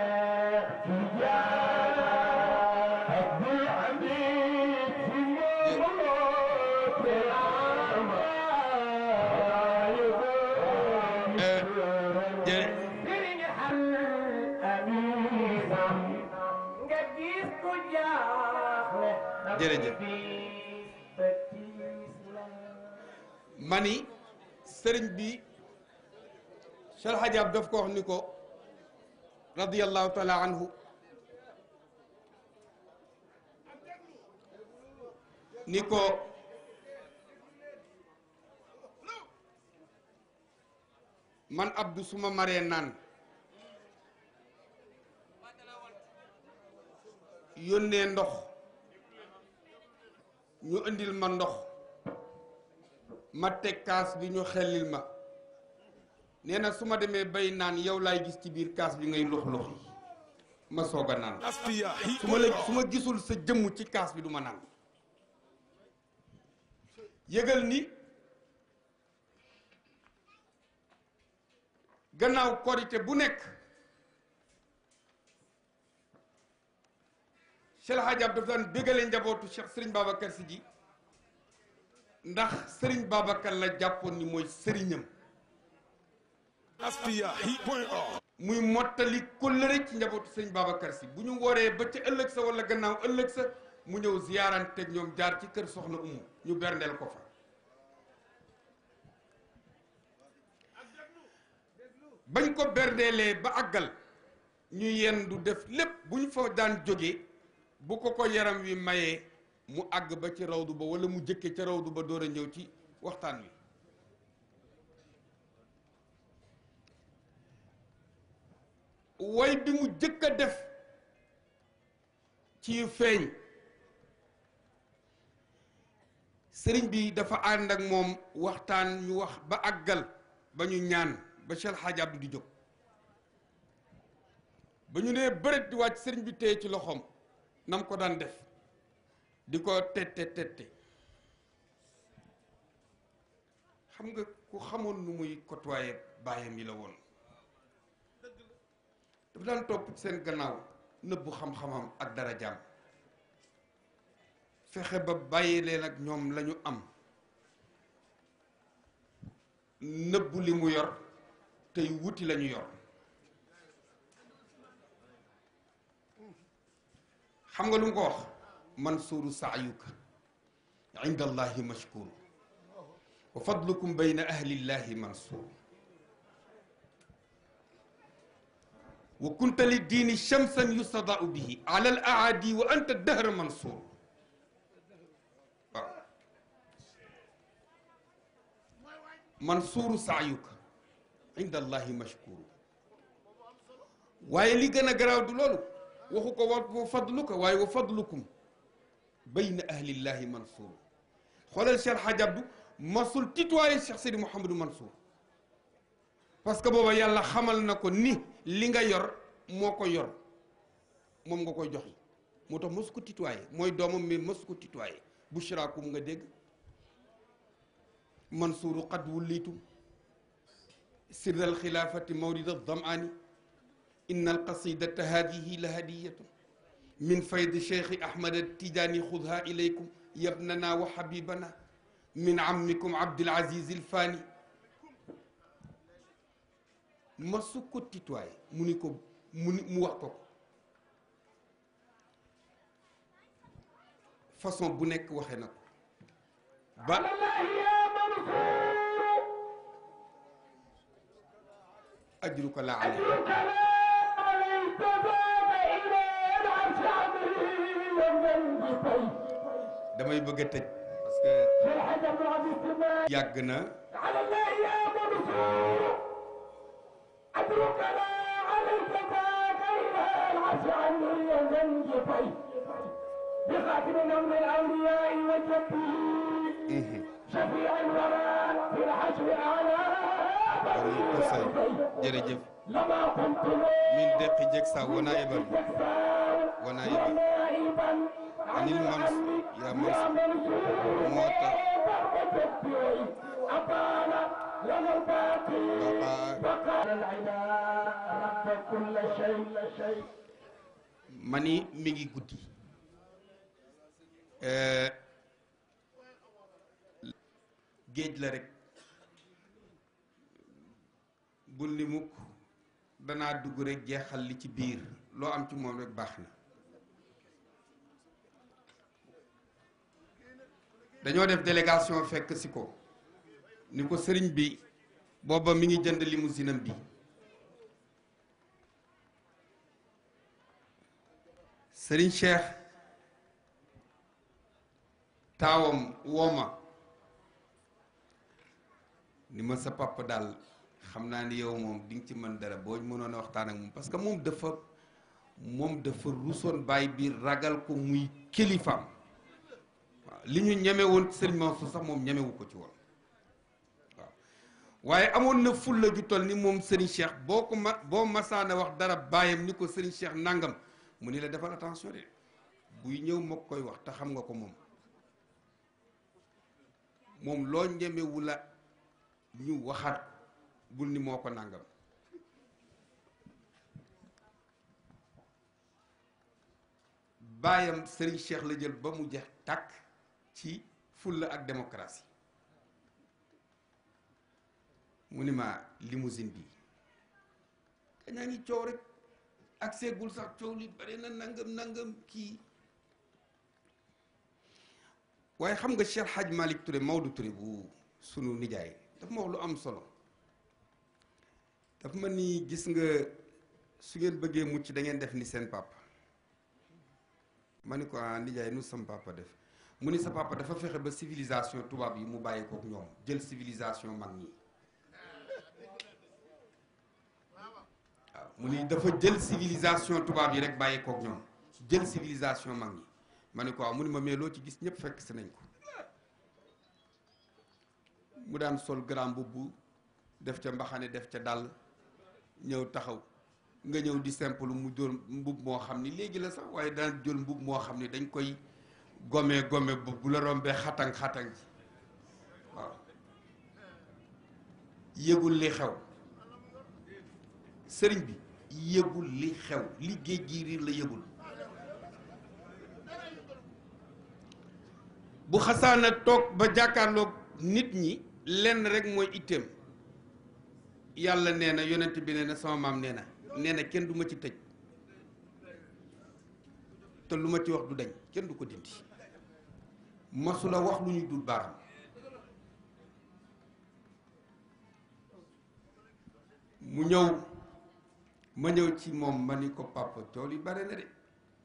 jërëjëf mani sëriñ bi Cheikh Hadj Abdou daf ko wax ni ko anhu ni man Abdou suma maree naan yónnee ndox ñu indil ma ndox ma teg kaas bi ñu xellil ma nee na su ma demee bay naan yow laay gis ci biir kaas bi ngay lux lux ma soog a naan su ma la su ma gisul sa jëmm ci kaas bi du ma naan yëgal ni gannaaw korité bu nekk Cheikh El Hadj Abdou dafa daan bégale njabootu Cheikh Serigne Babacar Sy ji ndax Serigne Babacar la jàppoon ni mooy sëriñam asfiyahi.org muy mottali kóllëre ci njabootu Serigne Babacar Sy bu ñu wooree ba ca ëllëg sa wala gannaaw ëllëg sa mu ñëw ziyaarante ak ñoom jaar ci kër soxna Umu ñu berndeel ko fa bañ ko berndeelee ba àggal ñu du def lépp bu ñu fa daan jógee bu ko ko yaram wi mayee mu àgg ba ci rawdu ba wala mu jëkke ca rawdu ba door a ñëw ci waxtaan wi way bi mu jëkk a def ci feeñ sëriñ bi dafa ànd ak moom waxtaan ñu wax ba àggal ba ñu ñaan ba Cheikh Hadj Abdou di jóg ba ñu nee bëreet di wàcc sëriñ bi téye ci loxoom nam ko daan def di ko tette tette xam nga ku xamoon nu muy côtoyer baayam yi la woon dafa daan topp seen gannaaw nëbbu xam-xamam ak dara jaam fexe ba bàyyi leen ak ñoom lañu am nëbbu li mu yor tey wuti lañu yor xam nga lu mu ko wax man suuru saayuka inda allahi mashkur wa fadlukum bayna ahlillahi mansuur wa kunta li diini shamsan yustadaau bihi ala al aadi wa anta dahra mansuur waaw man suuru saayuka inda allahi mashkur waaye li gën a garaaw du loolu waxu ko wa fadluka waaye wa fadlukum bayna ahlillahi mansuur xoolal Cheikh Hadj Abdou masul tutoyé Cheikh Seydi Mouhamadou Mansour parce que booba yàlla xamal na ko ni li nga yor moo ko yor moom nga koy jox moo tax mosu ko tutoyé mooy doomam mais mosu ko tutoyé mu nga dégg Mansuuru qad wullitum sirral xilaafati mawrida damaani inna alqasidata hadihi la hadiyatun min faydi cheikh ahmad tijaani xudha ilaykum yabnana wa habibana min ammikum abdul aziz al fani masu ko titoyé mu ni ko mu ni mu wax ko ko façon bu nekk waxe na ko ba ajruka la alay damay bëgg a tëj parce que yàgg na بخاتم نور الأولياء وجبه شفيع الورى في الحشر أعلاه bari kosay jërëjëf min deqi jeg sa wona e bari wona e bari anil mans mani mi guddi eh, géej la rek bul ni mukk danaa dugg rek jeexal li ci biir loo am ci moom rek baax na dañoo def délégation fekk si ko ni ko sëriñ bi booba mi ngi jënd limu am bi sëriñ Cheikh taawam wooma ni ma sa papa daal xam naa ni yow moom di nga ci man dara boo mënoon a waxtaan ak moom parce que moom dafa moom dafa rusoon baay bi ragal ko muy kilifaam waaw li ñu ñeme woon sëriñ sax moom ñemewu ko ci woon waaw waaye amoon na fulla ju toll ni moom sëriñ Cheikh boo ko ma boo masaana wax dara baayam ni ko sëriñ Cheikh nangam mu ni la defal attention de buy ñëw ma koy wax te xam nga ko moom moom loo ñemewu la ñu waxaat bul ni moo ko nàngam baayam Serigne Cheikh la jël ba mu jeex tàkk ci fulla ak démocratie mu ni ma limousine bi kañaa ngi coow rek ak seegul sax coow li bare na nangam nangam kii waaye xam nga Cheikh Hadj Malick Touré Maodo Touré bu sunu nijaay daf ma wax lu am solo dafa mel ni gis nga su ngeen bëggee mucc da ngeen def ni seen papa ma ni ko ah, nijaay nu sam papa def mu ni sa papa dafa fexe ba civilisation tubaab yi mu bàyyeekook ñoom jël civilisation mag ñi waaw mu ni dafa jël civilisation tubaab yi rek bàyyi kook ñoom jël civilisation mag ma ni ko waaw ah, mu ni ma mais loo ci gis ñëpp fekk si nañ ko mu daan sol grand mbubb def ca mbaxane def ca dàll ñëw taxaw nga ñëw di simple mu jël mbub moo xam ni léegi la sax waaye daan jël mbub moo xam ni dañ koy gome gome bu bu la rombee xatang xatang ji waaw yëgul li xew sëriñ bi yëgul li xew li gi riir la yëgul bu xasaana toog ba jàkkaarloog nit ñi lenn rek mooy itteem yàlla nee na yonent bi nee na sama maam nee na nee na kenn duma ci tëj te lu ma ci wax du dañ kenn du ko dindi masula wax lu ñu dul baaram mu ñëw ma ñëw ci moom ma ni ko papa tool yi bare na de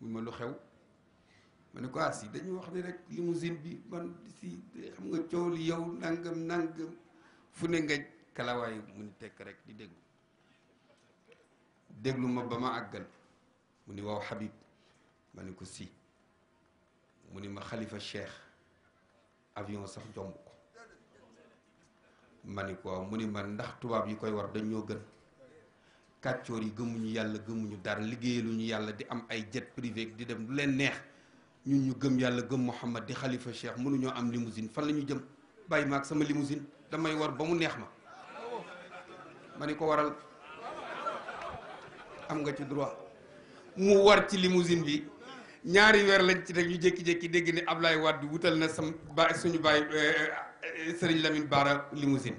mu ma lu xew ma ne ko ah si dañuy wax ni rek limousine bi man si xam nga coow li yow nangam nangam fu ne nga kalawaayu mu ni tekk rek di déglu déglu ma ba ma àggal mu ni waaw Habib ma ni ko si mu ni ma xalifa cheikh avion sax jomb ko ma ni ko waaw mu ma ndax tubaab yi koy war dañ ñoo gën kàccoor yi gëmuñu yàlla gëmuñu dara liggéeyaluñu yàlla di am ay jet privé di dem lu leen neex ñu ñu gëm yàlla gëm Muhammad di xalifa cheikh mënuñoo am limousine fan la ñu jëm bàyyi ma ak sama limousine damay war ba mu neex ma ma ni ko waral am nga ci droit mu war ci limousine bi ñaari weer lañ ci teg ñu jékki-jékki dégg ni Ablaye Wade wutal na sam ba suñu baay eh, eh, Serigne Lamine Bara limousine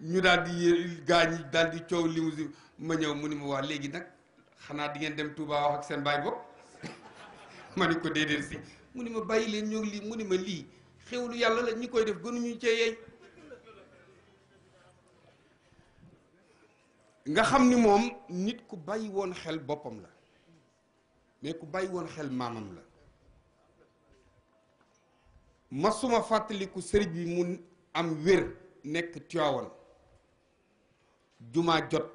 ñu daal di gaañ daal di coow limousine ma ñëw mu ni ma waa léegi nag xanaa di ngeen dem Touba wax ak seen baay bopp ma ni ko déedéet si mu ni ma bàyyi leen ñoo lii mu ni ma lii xewlu yàlla la koy def gënuñu cee yeey nga xam ni moom nit ku bàyyi woon xel boppam la mais ku bàyyi woon xel maamam la masuma fàttaliku sëriñ bi mu am wér nekk Tiwaawan jumaa jot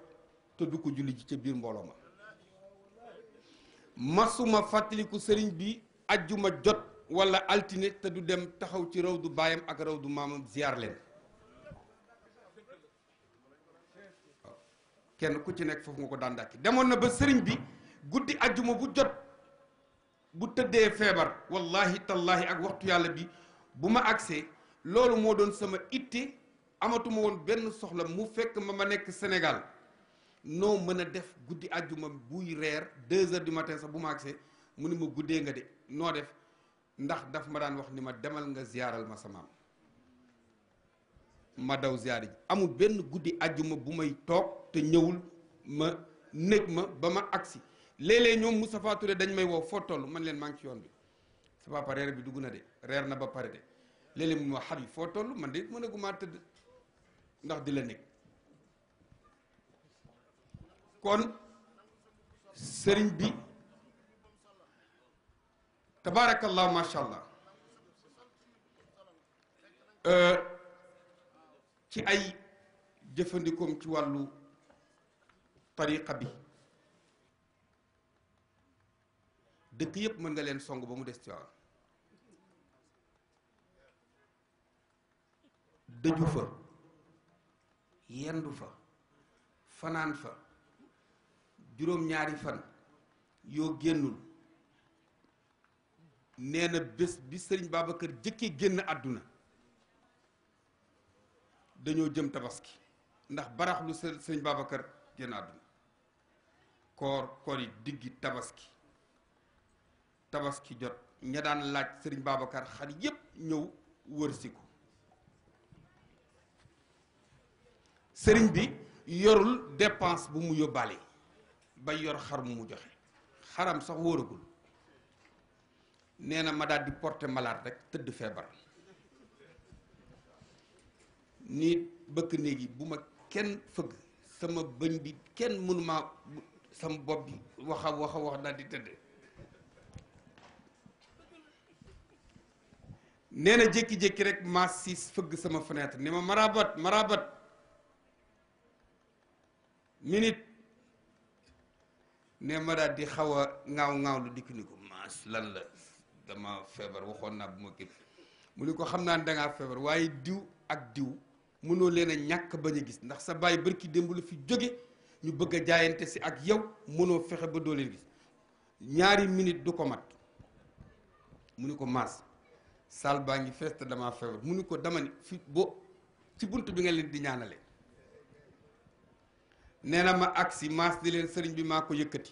te du ko julli ji ca biir mbooloo ma masuma fàttaliku sëriñ bi ajjuma jot wala altine te du dem taxaw ci raw du baayam ak raw du maamam ziar leen kenn ku ci nekk foofu nga ko daan dàkki demoon na ba sëriñ bi guddi ajjuma bu jot bu tëddee feebar wallahi tallahi ak waxtu yàlla bi bu ma agsee loolu moo doon sama itte amatuma woon benn soxla mu fekk ma ma nekk senegal noo mën a def guddi ajjuma buy reer deux heures du matin sax bu ma agsee mu ni ma guddee nga de noo def ndax dafa ma daan wax ni ma demal nga ziyaaral ma samaam ma daw ziyaare ji amul benn guddi àjjuma bu may toog te ñëwul ma néeg ma ba ma agsi léeg-léeg ñoom Moustapha dañ may wow foo toll man leen maa ngi ci yoon bi sa papa reer bi dugg na de reer na ba pare de léeg-léeg mu ma xar yi foo toll man de mën a gumaa tëdd ndax di la nekk kon sëriñ bi tabaarakallah macha allah. Euh, ci ay jëfandikoom ci wàllu tariqa bi dëkk yépp mën nga leen song ba mu des Tiwaawan dëju fa yendu fa fanaan fa juróom-ñaari fan yoo génnul nee bés bi sëriñ Babacar jëkke génn àdduna dañoo jëm tabaski ndax barax lu sëriñ Babacar génn àdduna koor koor yi diggi tabaski tabaski jot ña daan laaj sëriñ Babacar xar yépp ñëw wërsi ko sëriñ bi yorul dépense bu mu yóbbaale ba yor xar mu mu joxe xaram sax wóoragul nee na ma daal di porté malade rek tëdd feebar ni bëkk néegi bu ma kenn fëgg sama bëñ bi kenn mënu maa sama bopp bi wax a wax a di tëdd nee na jékki-jékki rek maa siis fëgg sama fenêtre ni ma marabat marabat minute ne ma daal di xawa a ŋaaw lu dikk ni ko maas lan la dama feebar waxoon naa bu ma kii mu ni ko xam naa ni dangaa feebar waaye diw ak diw mënoo leen a ñàkk ba ñu gis ndax sa baay barki démb la fi jóge ñu bëgg a jaayante si ak yow mënoo fexe ba doo leen gis ñaari minute du ko mat mu ni ko mars saal baa ngi fees te damaa feebar mu ni ko dama ni fi bo ci bunt bi nga leen di ñaanale nee na ma agsi maas ni leen sëriñ bi maa ko yëkkati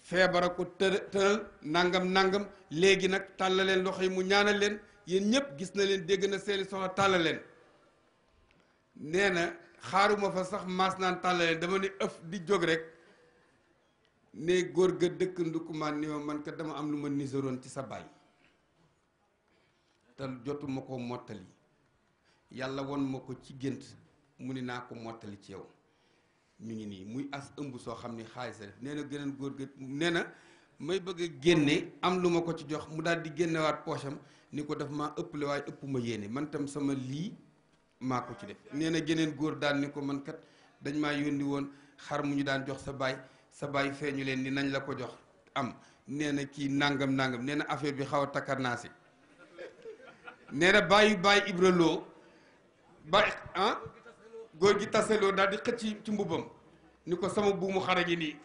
feebara ko të tëral nangam nangam léegi nag tàllaleen loxo yi mu ñaanal leen yéen ñëpp gis na leen dégg na seeni soxla tàllaleen nee na xaaruma fa sax maas naan tàllale dama ne ëf di jóg rek ne góor ga dëkk ndukumaan ni ma man kat dama am lu ma niseroon ci sa baay te jotuma ko mottali yàlla won ma ko ci gént mu ni naa ko mottali ci yow mu ngi nii muy as ëmb soo xam ni xaalis def nee na geneen góor ga nee na may bëgg a génne am lu ma ko ci jox mu daal di génnewaat poosam ni ko daf maa ëpp le waaye ëpp ma yéene man tam sama lii maa ko ci def nee na geneen góor daal ni ko man kat dañ maa yónni woon xar mu ñu daan jox sa baay sa baay feeñu leen ni nañ la ko jox am nee na kii nangam nangam nee na affaire bi xaw a takkar naa si nee bàyyi bàyyi Ibra Lo bàyyi ah, góor gi taseloo daal di xëcc ci mbubbam ni ko sama buumu xare gi nii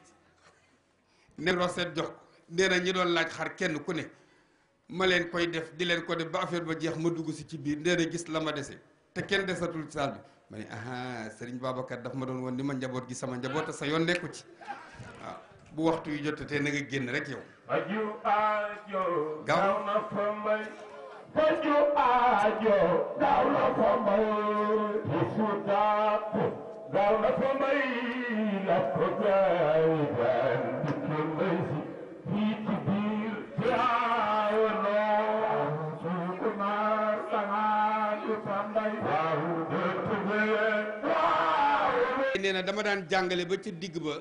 ne roset jox ko ñi doon laaj xar kenn ku ne ma leen koy def di leen ko def ba affaire ba jeex ma dugg si ci biir nee na gis la ma dese te kenn desatul ci saal bi ma ne aha Serigne Babacar daf ma doon woon di ma njaboot gi sama njaboot sa yoon nekku ci waaw bu waxtu yu jotatee na nga génn rek yow. gaaw na fa mbay. faju aajo daaw na fa mbay. bisu dàpp daaw na fa mbay. nee dama daan jàngale ba ca digg ba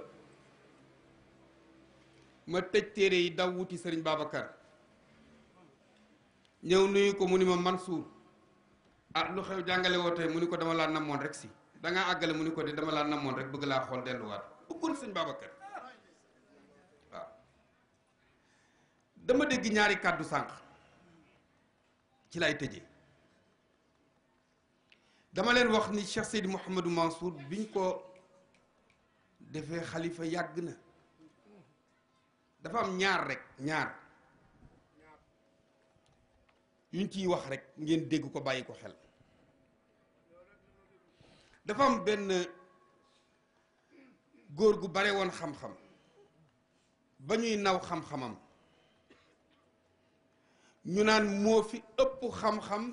ma tëj téere yi daw wuti sëriñ Babacar ñëw nuyu ko mu ni ma Mansour ah lu xew jàngale woo tey mu ni ko dama laa namoon rek si danga àggale mu ni ko de dama laa namoon rek bëgg laa xool delluwaat bëggoon sëriñ Babacar dama dégg ñaari kàddu sànq ci lay tëjee dama leen wax ni Cheikh Seydi Mouhamadou Mansour biñ ko defee xalifa yàgg na dafa am ñaar rek ñaar yuñ ciy wax rek ngeen dégg ko bàyyi ko xel dafa am benn góor gu bare woon xam-xam ba ñuy naw xam-xamam ñu naan moo fi ëpp xam-xam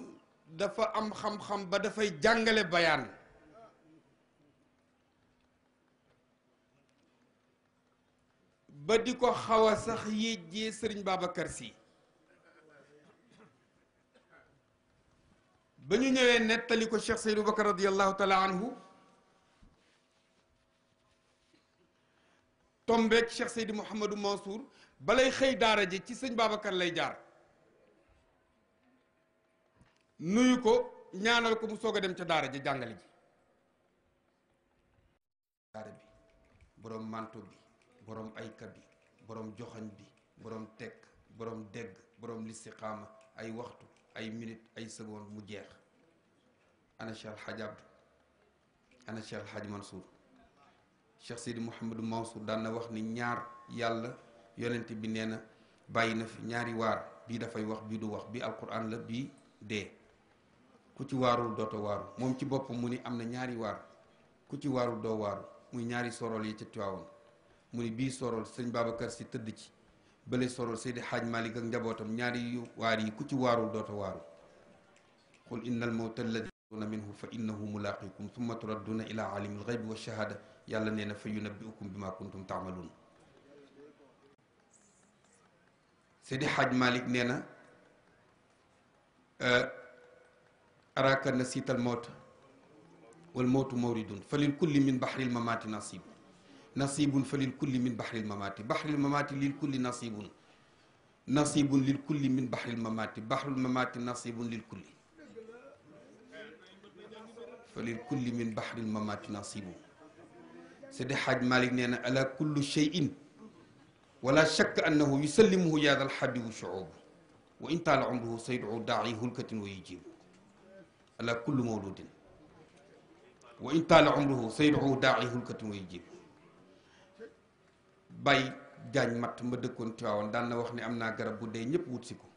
dafa am xam-xam ba dafay jàngale bayaan ba di ko xawa a sax yéejjee sëriñ Babacar Sy ba ñu ñëwee nettali ko Cheikh Seydou Bakar radiyallahu taala anhu tombeek Cheikh Seydou Mouhamadou Mansour balay xëy daara ji ci sëñ Babacar lay jaar nuyu ko ñaanal ko mu soog a dem ca daara ji jàngale ji daara bi bi boroom aykat bi boroom joxañ bi boroom tekk boroom dégg borom listiqaama ay waxtu ay minute ay seconde mu jeex ana Cheikh Alxaaj Abdu ana Cheikh Alxaaj Mansour Cheikh Sidi Mouhamadou wax ni ñaar yàlla yonent bi nee na bàyyi na fi ñaari waar bii dafay wax bii du wax bii alquran la bii dee ku ci waarul dooto waaru moom ci boppam mu ni am na ñaari waar ku ci waarul doo waaru muy ñaari sorol yi ca Tiwaawan mu ni bii sorol sëñ Babacar si tëdd ci bële sorol Seydi Xaaj Malik ak njabootam ñaari waar yi ku ci waarul doota waaru qul inna al mawta alladina minhu fa innahu mulaqikum summa turadduna ila alimi alxaybi wa shahada yàlla nee fa yunabbiukum bima kuntum taamaluun Seydi Xaaj Malik nee na euh, na siital mawta wal mawtu mawridun fa lil kulli min baxril mamaati nasib nasibun fa lil kulli min bahril mamaati bahril mamaati lil kulli nasibun nasibun lil kulli min bahril mamaati bahril mamaati nasibun lil kulli fa lil kulli min bahril mamaati nasibun Seydi Hadj Malick nee na ala kullu shay'in wala shakka annahu yusallimuhu yaada alhabibu shuubu wa in taala umruhu saydu daa'i hulkatin wa yujibu ala kullu mawludin wa in taala umruhu saydu daa'i hulkatin wa yujibu bay jaañ matt ma dëkkoon Tiwaawoon daan na wax ni am naa garab bu dee ñëpp wut si ko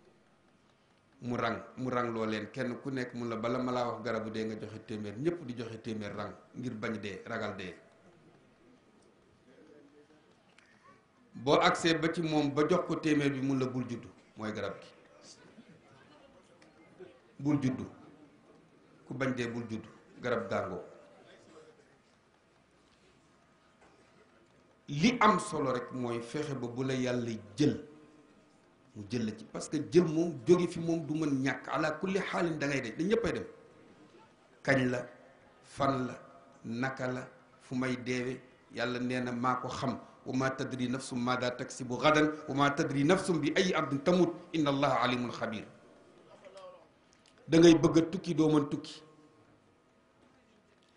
mu rang mu rang loo leen kenn ku nekk mun la bala ma laa wax garab dee nga joxe téeméer ñëpp di joxe téeméer rang ngir bañ dee ragal dee boo agsee ba ci moom ba jox ko téeméer bi mun la bul juddu mooy garab gi bul juddu ku bañ dee bul juddu garab gàngoo li am solo rek mooy fexe ba bu la yàlla jël mu jël la ci parce que jël moom jóge fi moom du mën ñàkk ala kulli xaalin da ngay dem da dem kañ la fan la naka la fu may deewe yàlla nee na maa ko xam wa ma tadri nafsum maada taksibu gadan wa ma tadri nafsum bi ay ardin tamut inna allaha alimun xabir da bëgg a tukki doo mën tukki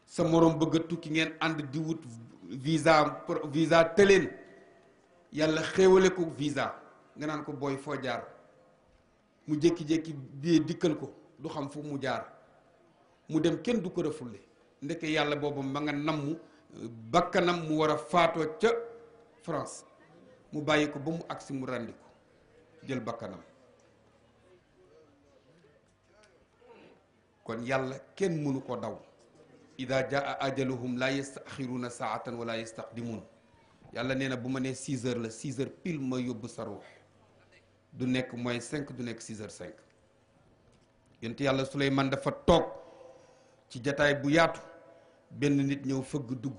sa moroom bëgg a tukki ngeen ànd di wut visa visa tëleen yàlla xéewale ko visa nga naan ko booy foo jaar mu jékki-jékki biyee dikkal ko du xam fu mu jaar mu dem kenn du ko refulle ndeke yàlla boobu ma nga namm bakkanam mu war a faatoo ca France mu bàyyi ko ba mu agsi mu ràndi ko jël bakkanam kon yàlla kenn mënu koo daw ida jaa ajaluhum la yastaxiruuna saatan wala yastaqdimuun yàlla nee na bu ma nee 6 heures la 6 heures pile ma yóbbu sa ruux du nekk moins 5 du nekk 6 heures 5 yonent yàlla Suleymaan dafa toog ci jataay bu yaatu benn nit ñëw fëgg dugg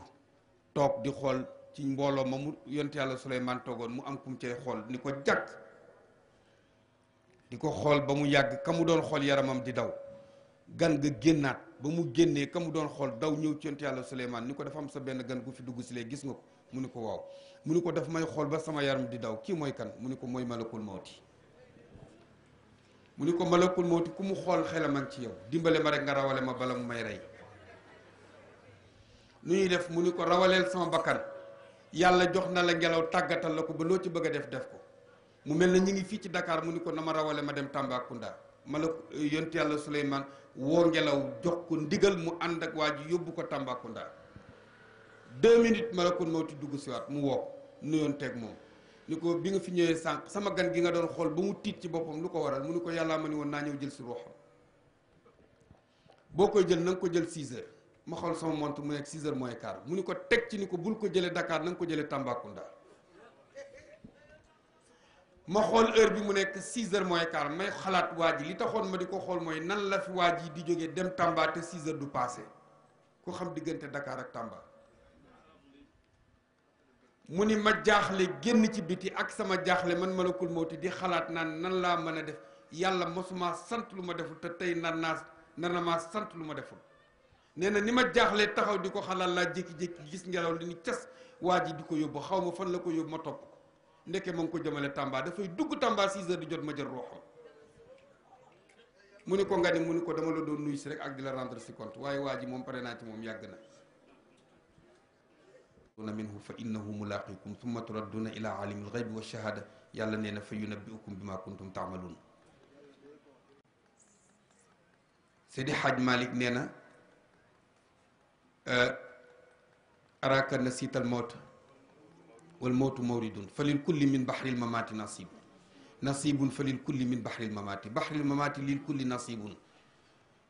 toog di xool ci mbooloo ma mu yonent yàlla Suleymaan toogoon mu am kum cay xool ni ko jàkk di ko xool ba mu yàgg ka mu doon xool yaramam di daw gan nga génnaat ba mu génnee ka mu doon xool daw ñëw ci yonent yàlla Suleymaan ni ko dafa am sa benn gan gu fi dugg si lee gis nga ko mu ni ko waaw mu ni ko daf may xool ba sama yaram di daw kii mooy kan mu ni ko mooy malakul mawti mu ni ko malakul mawti ku mu xool xelam a ngi ci yow dimbale ma rek ma bala mu may rey nu ñuy def mu ni ko rawaleel sama bakkan yàlla jox na la ngelaw tàggatal la ko ba loo ci bëgg a def def ko mu mel na ñu ngi fii ci dakaar mu ni ko na ma rawale ma dem Tambacounda malak yonent yàlla Suleymaan woo ngelaw jox ko ndigal mu ànd ak waa ji yóbbu ko Tambacounda deux minutes malakul mawti dugg si waat mu woo nuyoon teg moom ni ko bi nga fi ñëwee sànq sama gan gi nga doon xool ba mu tiit ci boppam lu ko waral mu ni ko yàllaa ma ni woon naa ñëw jël si ruuxam boo koy jël na nga ko jël 6 heures ma xool sama montre mu nekk 6 heures moins quart mu ni ko teg ci ni ko bul ko jëlee dakaar na nga ko jëlee Tambacounda ma xool heure bi mu nekk 6 heures moins quart may xalaat waa ji li taxoon ma di ko xool mooy nan la fi waa ji di jógee dem Tamba te 6 du paase ku xam diggante Dakar ak Tamba mu ni ma jaaxle génn ci biti ak sama jaaxle man malakul mawti di xalaat naan nan laa mën a def yàlla mosuma sant lu ma deful te tey nan naa nana maa sant lu ma deful nee na ni ma jaaxlee taxaw di ko xalaat laa jékki-jékki gis ngelaw li ni cas waa ji di ko yóbbu xaw ma fan la ko yóbbu ma topp ndeke ma ngi ko jëmale Tamba dafay dugg Tamba 6 jot ma jël ruuxam mu ni ko nga ni mu ni ko dama la doon nuyu si rek ak di la rendre si compte waaye waa ji moom pare naa ci moom yàgg na tuna minhu fa innahu mulaqikum thumma turadduna ila alimi alxaybi wa shahada yàlla nee na fa yunabbiukum bima kuntum taamaluun Seydi Xaaj Malik nee na euh, araka na siital mawta wal mawtu mawridun fa lil kulli min bahril mamaati nasib nasibun fa lil kulli min bahril mamaati bahril mamaati lil kulli nasibun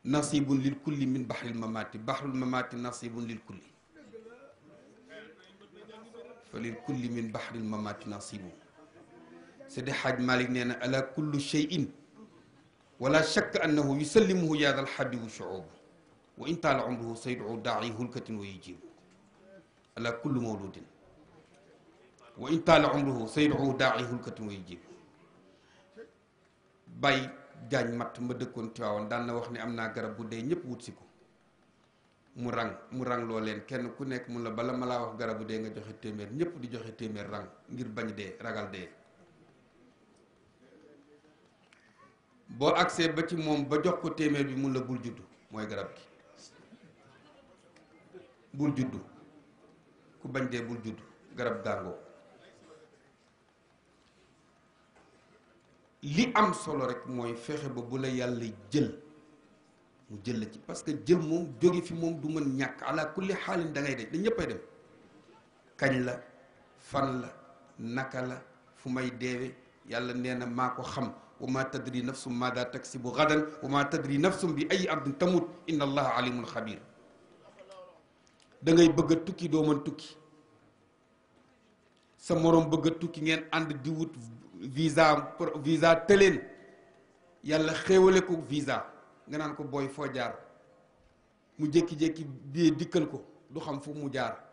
nasibun lil kulli min bahril mamaati bahrul mamaati nasibun lil kulli fa lil kulli min bahril mamaati nasibun Seydi Hadj Malick nee na ala kullu shay'in wala shakka annahu yusallimuhu yaadha alhabibu shuubu wa in taala umruhu saydu daa'i hulkatin wa yujibu ala kullu mawludin wa in taala umruhu sayduhu daa'i hulkatun wa yujib bay jaañ matt ma dëkkoon Tiwaawan daan na wax ni am naa garab bu dee ñëpp wut si ko mu rang mu rang loo leen kenn ku nekk mun la bala ma laa wax garab dee nga joxe téeméer ñëpp di joxe téeméer rang ngir bañ dee ragal dee boo agsee ba ci moom ba jox ko téeméer bi mun la bul juddu mooy garab gi bul juddu ku bañ dee bul juddu garab gàngoo li am solo rek mooy fexe ba bu la yàlla jël mu jël la ci parce que jël moom jóge fi moom du mën ñàkk ala kulli xaalin da ngay def da ñëppay dem kañ la fan la naka la fu may deewe yàlla nee na maa ko xam wa ma tadri nafsum maada taksibu gadan wa ma tadri nafsum bi ay ardin tamut inna allaha alimun xabir da bëgg a tukki doo mën tukki sa moroom bëgg a tukki ngeen ànd di wut visa visa tëleen yàlla xéewale ko visa nga naan ko booy foo jaar mu jékki-jékki bi dikkal ko du xam fu mu jaar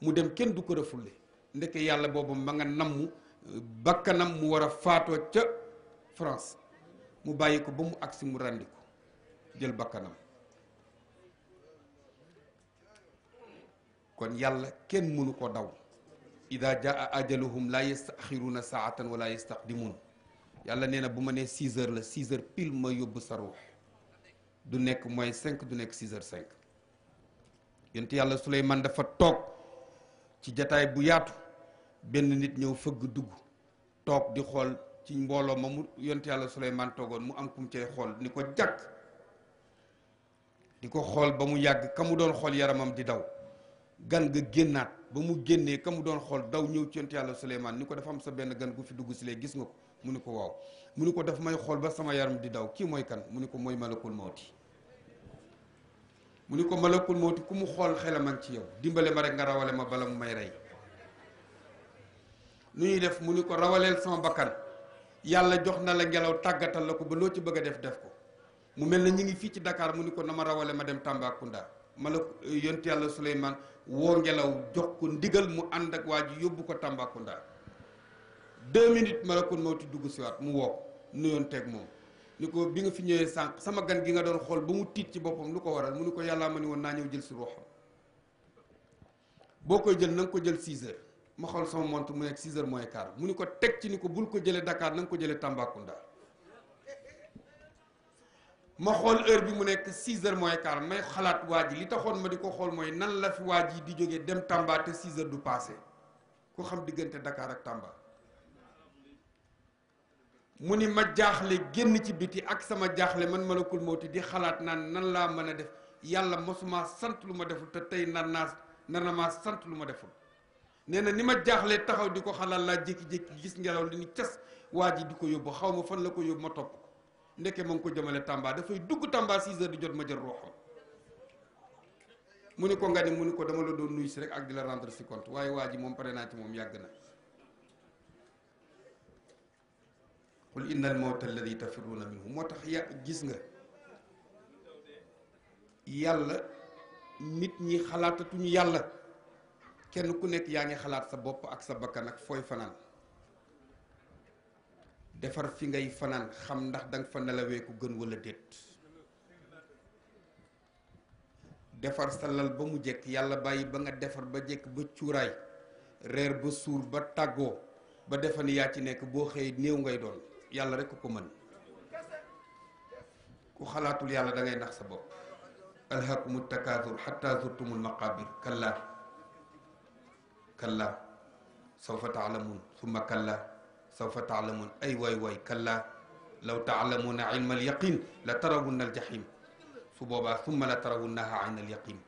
mu dem kenn du ko refulle ndeke yàlla boobu ma nga namm bakkanam mu war a faatoo ca France mu bàyyi ko ba mu agsi mu ràndi ko jël bakkanam kon yàlla kenn mënu ko daw ida jaa ajaluhum la yastaxiruuna saatan wala yastaqdimuun yàlla nee na bu ma nee 6 heures la 6 heures pile ma yóbbu sa ruux du nekk moins 5 du nekk 6 heures 5 yonent yàlla Suleymaan dafa toog ci jataay bu yaatu benn nit ñëw fëgg dugg toog di xool ci mbooloo ma mu yonent yàlla Suleymaan toogoon mu am kum cay xool ni ko jàkk di ko xool ba mu yàgg ka mu doon xool yaramam di daw gan ga génnaat ba mu génnee ka mu doon xool daw ñëw ci yonent yàlla Suleymaan ni ko dafa am sa benn gan gu fi dugg si lee gis nga ko mu ni ko waaw mu ni ko daf may xool ba sama yaram di daw kii mooy kan mu ni ko mooy malakul mawti mu ni ko malakul mawti ku mu xool xelam ak ci yow dimbale ma rek ma bala mu may rey nu ñuy def mu ni ko rawaleel sama bakkan yàlla jox na la ngelaw tàggatal la ko ba loo ci bëgg a def def ko mu mel na ñu ngi fii ci dakaar mu ni ko na ma rawale ma dem Tambacounda malak yonent yàlla Suleymaan woo ngelaw jox ko ndigal mu ànd ak waa ji yóbbu ko Tambacounda deux minutes malakul mawti dugg si waat mu woo nuyoon teg moom ni ko bi nga fi ñëwee sànq sama gan gi nga doon xool ba mu tiit ci boppam lu ko waral mu ni ko yàllaa ma ni woon naa ñëw jël si ruuxam boo koy jël na nga ko jël 6 heures ma xool sama mont mu nekk 6 heures moins quart mu ni ko teg ci ni ko bul ko jëlee dakaar na nga ko jëlee Tambacounda ma xool heure bi mu nekk 6 heures moins quart may xalaat waa ji li taxoon ma di ko xool mooy nan la fi waa ji di jóge dem Tamba te 6 du paase ku xam diggante Dakar ak Tamba mu ni ma jaaxle génn ci biti ak sama jaaxle man ma malakul mawti di xalaat naan nan laa mën a def yàlla mosuma sant lu ma deful te tey nan naa nana maa sant lu ma deful nee na ni ma jaaxlee taxaw di ko xalaat laa jékki-jékki gis ngelaw li ni cas waa ji di ko yóbbu xaw ma fan la ko yóbbu ma topp ndeke ma ngi ko jëmale Tamba dafay dugg Tamba 6 jot ma jël ruuxam mu ni ko nga ni mu ni ko dama la doon nuyu si rek ak di la rendre si compte waaye waa ji moom pare naa ci moom yàgg na qul inna al mawta alladi tafiruuna minhu moo tax ya gis nga yàlla nit ñi xalaatatuñu yàlla kenn ku nekk yaa ngi xalaat sa bopp ak sa bakkan ak fooy fanaan defar fi ngay fanaan xam ndax danga fa nelawee ku gën wala déet defar sa lal ba mu jekk yàlla bàyyi ba nga defar ba jekk ba cuuraay reer ba suur ba tàggoo ba defan ni yaa ci nekk boo xëyee néew ngay doon yàlla rek ko mën ku xalaatul yàlla dangay ngay nax sa bopp alhaakumu takaasur xatta zurtumul maqabir kalla kalla sawfa taalamun summa kalla sawfa taalamuun ay waay waay kallaa law taalamuuna ilma alyaqin la tarawunna aljahim su boobaa summa la tarawunnaha ayna alyaqin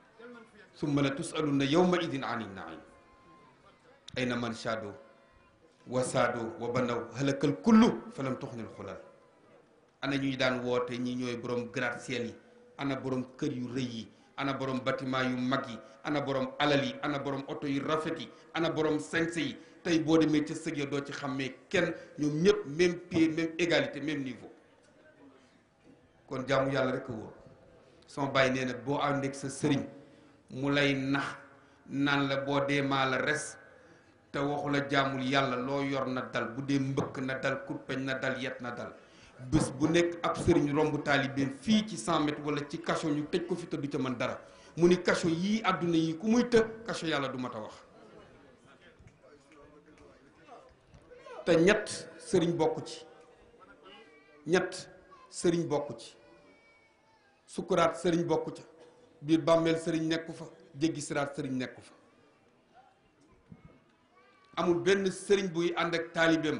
summa la tusalunna yawma idin ani naim ayna man shaado wa saado wa banaw halakal kullu falam tuxnil xulal ana ñuy daan woote ñi ñooy borom gratte-ciel yi ana borom kër yu rëy yi ana borom bâtiment yu mag yi ana borom alal yi ana borom oto yu rafet yi ana borom sañse yi tey boo demee ca sëg ya doo ci xàmmee kenn ñoom ñëpp même pied même égalité même niveau kon jaamu yàlla rek a wóor sama bàyyi nee boo ànd ak sa sëriñ mu lay nax naan la boo dee maa la res te waxu la jaamul yàlla loo yor na dal bu dee mbëkk na dal kurpeñ na dal yet na dal bés bu nekk ab sëriñ romb taalibeem fii ci 100 mètres wala ci kaso ñu tëj ko fi te ca mën dara mu ni kaso yii àdduna yi ku muy të kaso yàlla du ma wax te ñett sëriñ bokku ci ñett sëriñ bokku ci sukkuraat sëriñ bokk ca biir bàmmeel sëriñ nekku fa jéggi siraat sëriñ nekku fa amul benn sëriñ buy ànd ak taalibeem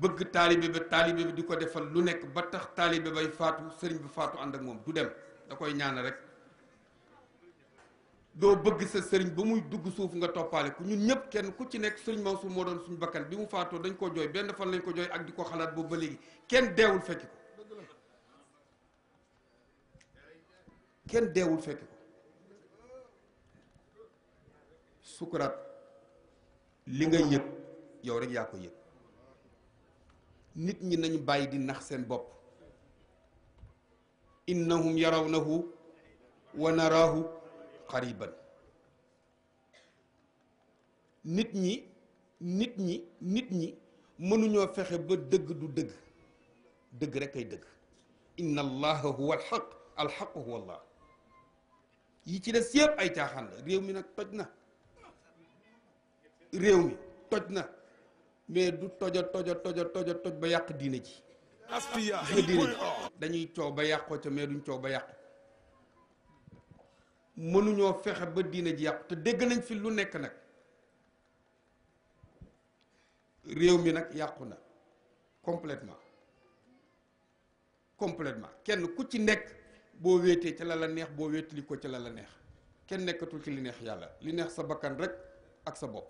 bëgg taalibe ba taalibe bi di ko defal lu nekk ba tax taalibe bay faatu sëriñ bi faatu ànd ak moom du dem da koy ñaan rek doo bëgg sa sëriñ ba muy dugg suuf nga toppaale ku ñun ñëpp kenn ku ci nekk sëriñ Mansour moo doon suñu bakkan bi mu faatoo dañ ko jooy benn fan lañ ko jooy ak di ko xalaat boobu ba léegi kenn deewul fekki ko kenn deewul fekki li nga yëg yow rek yaa ko yëg nit ñi nañu bàyyi di nax seen bopp innahum yarawnahu wa naraahu xariban nit ñi nit ñi nit ñi mënuñoo fexe ba dëgg du dëgg dëgg rek ay dëgg inna allaha huwa alxaq alxaq huwa allah yi ci des yëpp ay caaxaan réew mi nag toj na réew mi toj na mais du toja toja toja toja toj ba yàq diine ji diine dañuy coow ba yàqoo ca mais duñ coow ba yàqu mënuñoo fexe ba diine ji yàqu te dégg nañ fi lu nekk nag réew mi nag yàqu na complètement completement kenn ku ci nekk boo wéetee ca la neex boo wéetali ko ca la la neex kenn nekkatul ci li neex yàlla li neex sa bakkan rek ak sa bopp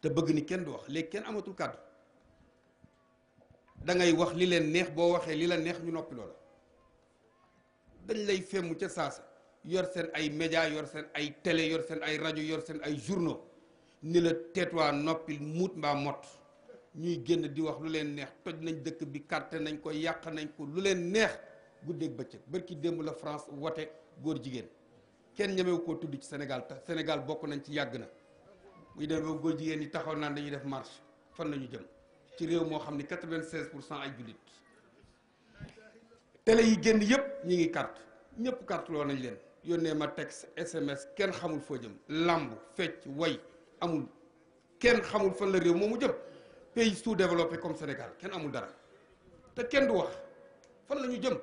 te bëgg ni kenn du wax léegi kenn amatul kàddu dangay wax li leen neex boo waxee li la neex ñu noppi loola dañ lay femmu ca saasa yor seen ay média yor seen ay télé yor seen ay rajo yor seen ay journaux ni la teetwaa noppi muut mbaa mott ñuy génn di wax lu leen neex toj nañ dëkk bi carte nañ ko yàq nañ ko lu leen neex guddeeg bëccëg barki démb la France wote góor jigéen kenn ñemewu koo tudd ci Sénégal te Sénégal bokk nañ ci yàgg na muy dem ba góor jigéen yi taxaw naan dañuy def marche fan la ñu jëm ci réew moo xam ne 96 pour cent ay jullit télé yi génn yëpp ñi ngi carte ñëpp carte loo nañ leen yónnee ma texte SMS kenn xamul foo jëm làmb fecc way amul kenn xamul fan la réew mu jëm pays sous-développé comme Sénégal kenn amul dara te kenn du wax fan lañu jëm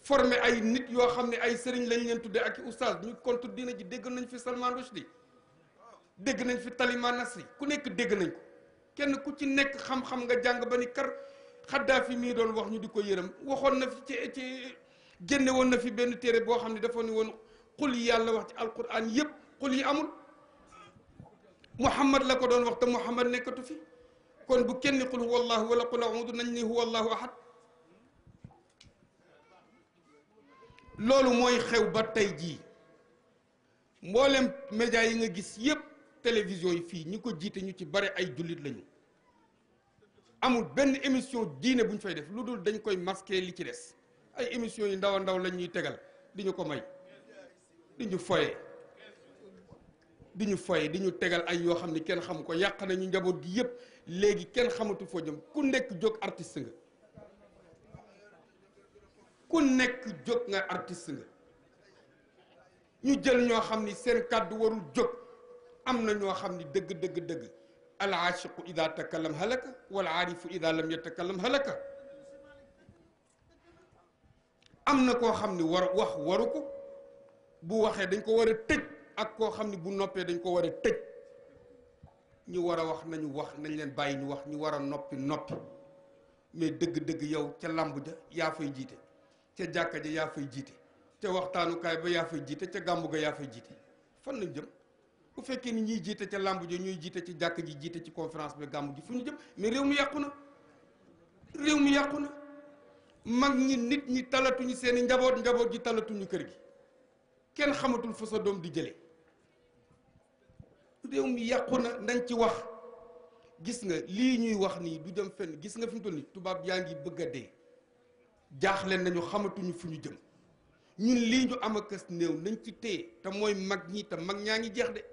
forme ay nit yoo xam ne ay sëriñ lañu leen tuddee ak i oustaz ñu kontu dina ji dégg nañ fi Salman Rushdie dégg nañ fi Talima Nasri ku nekk dégg nañ ko kenn ku ci nekk xam-xam nga jàng ba ni kar Xaddaafi mii doon wax ñu di ko yërëm waxoon na fi ci ci génne woon na fi benn téere boo xam ne dafa ne woon xul yi yàlla wax ci alquran yëpp xul yi amul Muhammad la ko doon wax te Muhammad nekkatu fi kon bu kenn xul huwa allahu wala qul audu nañ ni huwa allahu ahad loolu mooy xew ba tey jii mboolem média yi nga gis yëpp télévision yi fii ñi ko jiite ñu ci bare ay jullit lañu amul benn émission diine bu ñu fay def lu dul dañ koy masqué li ci des ay émission yu ndaw ndaw lañ ñuy tegal di ñu ko may di ñu foye di ñu foye di ñu tegal ay yoo xam ni kenn xamu ko yàq nañu njaboot gi yëpp léegi kenn xamatu foo jëm ku nekk jóg artist nga ku nekk jóg nga artist nga ñu jël ñoo xam ni seen kàddu warul jóg am na ñoo xam ni dëgg dëgg dëgg al aashiqu ida takallam halaka wal aarifu ida lam yatakallam halaka am na koo xam ni war wax waru ko bu waxee dañ ko war a tëj ak koo xam ni bu noppee dañ ko war a tëj ñu war a wax nañu wax nañ leen bàyyi ñu wax ñu war a noppi noppi mais dëgg-dëgg yow ca làmb ja yaa fay jiite ca jàkka ja yaa fay jiite ca waxtaanukaay ba yaa fay jiite ca gàmbu ga yaa fay jiite fan lañ jëm bu fekkee ni ñuy jiite ca làmb ji ñuy jiite ci jàkk ji jiite ci conférence bi gàmm gi fu ñu jëm mais réew mi yàqu na réew mi yàqu na mag ñi nit ñi talatuñu seeni njaboot njaboot ji talatuñu kër gi kenn xamatul fa sa doom di jële réew mi yàqu na nañ ci wax gis nga lii ñuy wax nii du dem fenn gis nga fi mu toll nii tubaab yaa ngi bëgg a dee jaaxle nañu xamatuñu fu ñu jëm ñun lii ñu am ak as néew nañ ci téye te mooy mag ñi te mag ñaa ngi jeex de.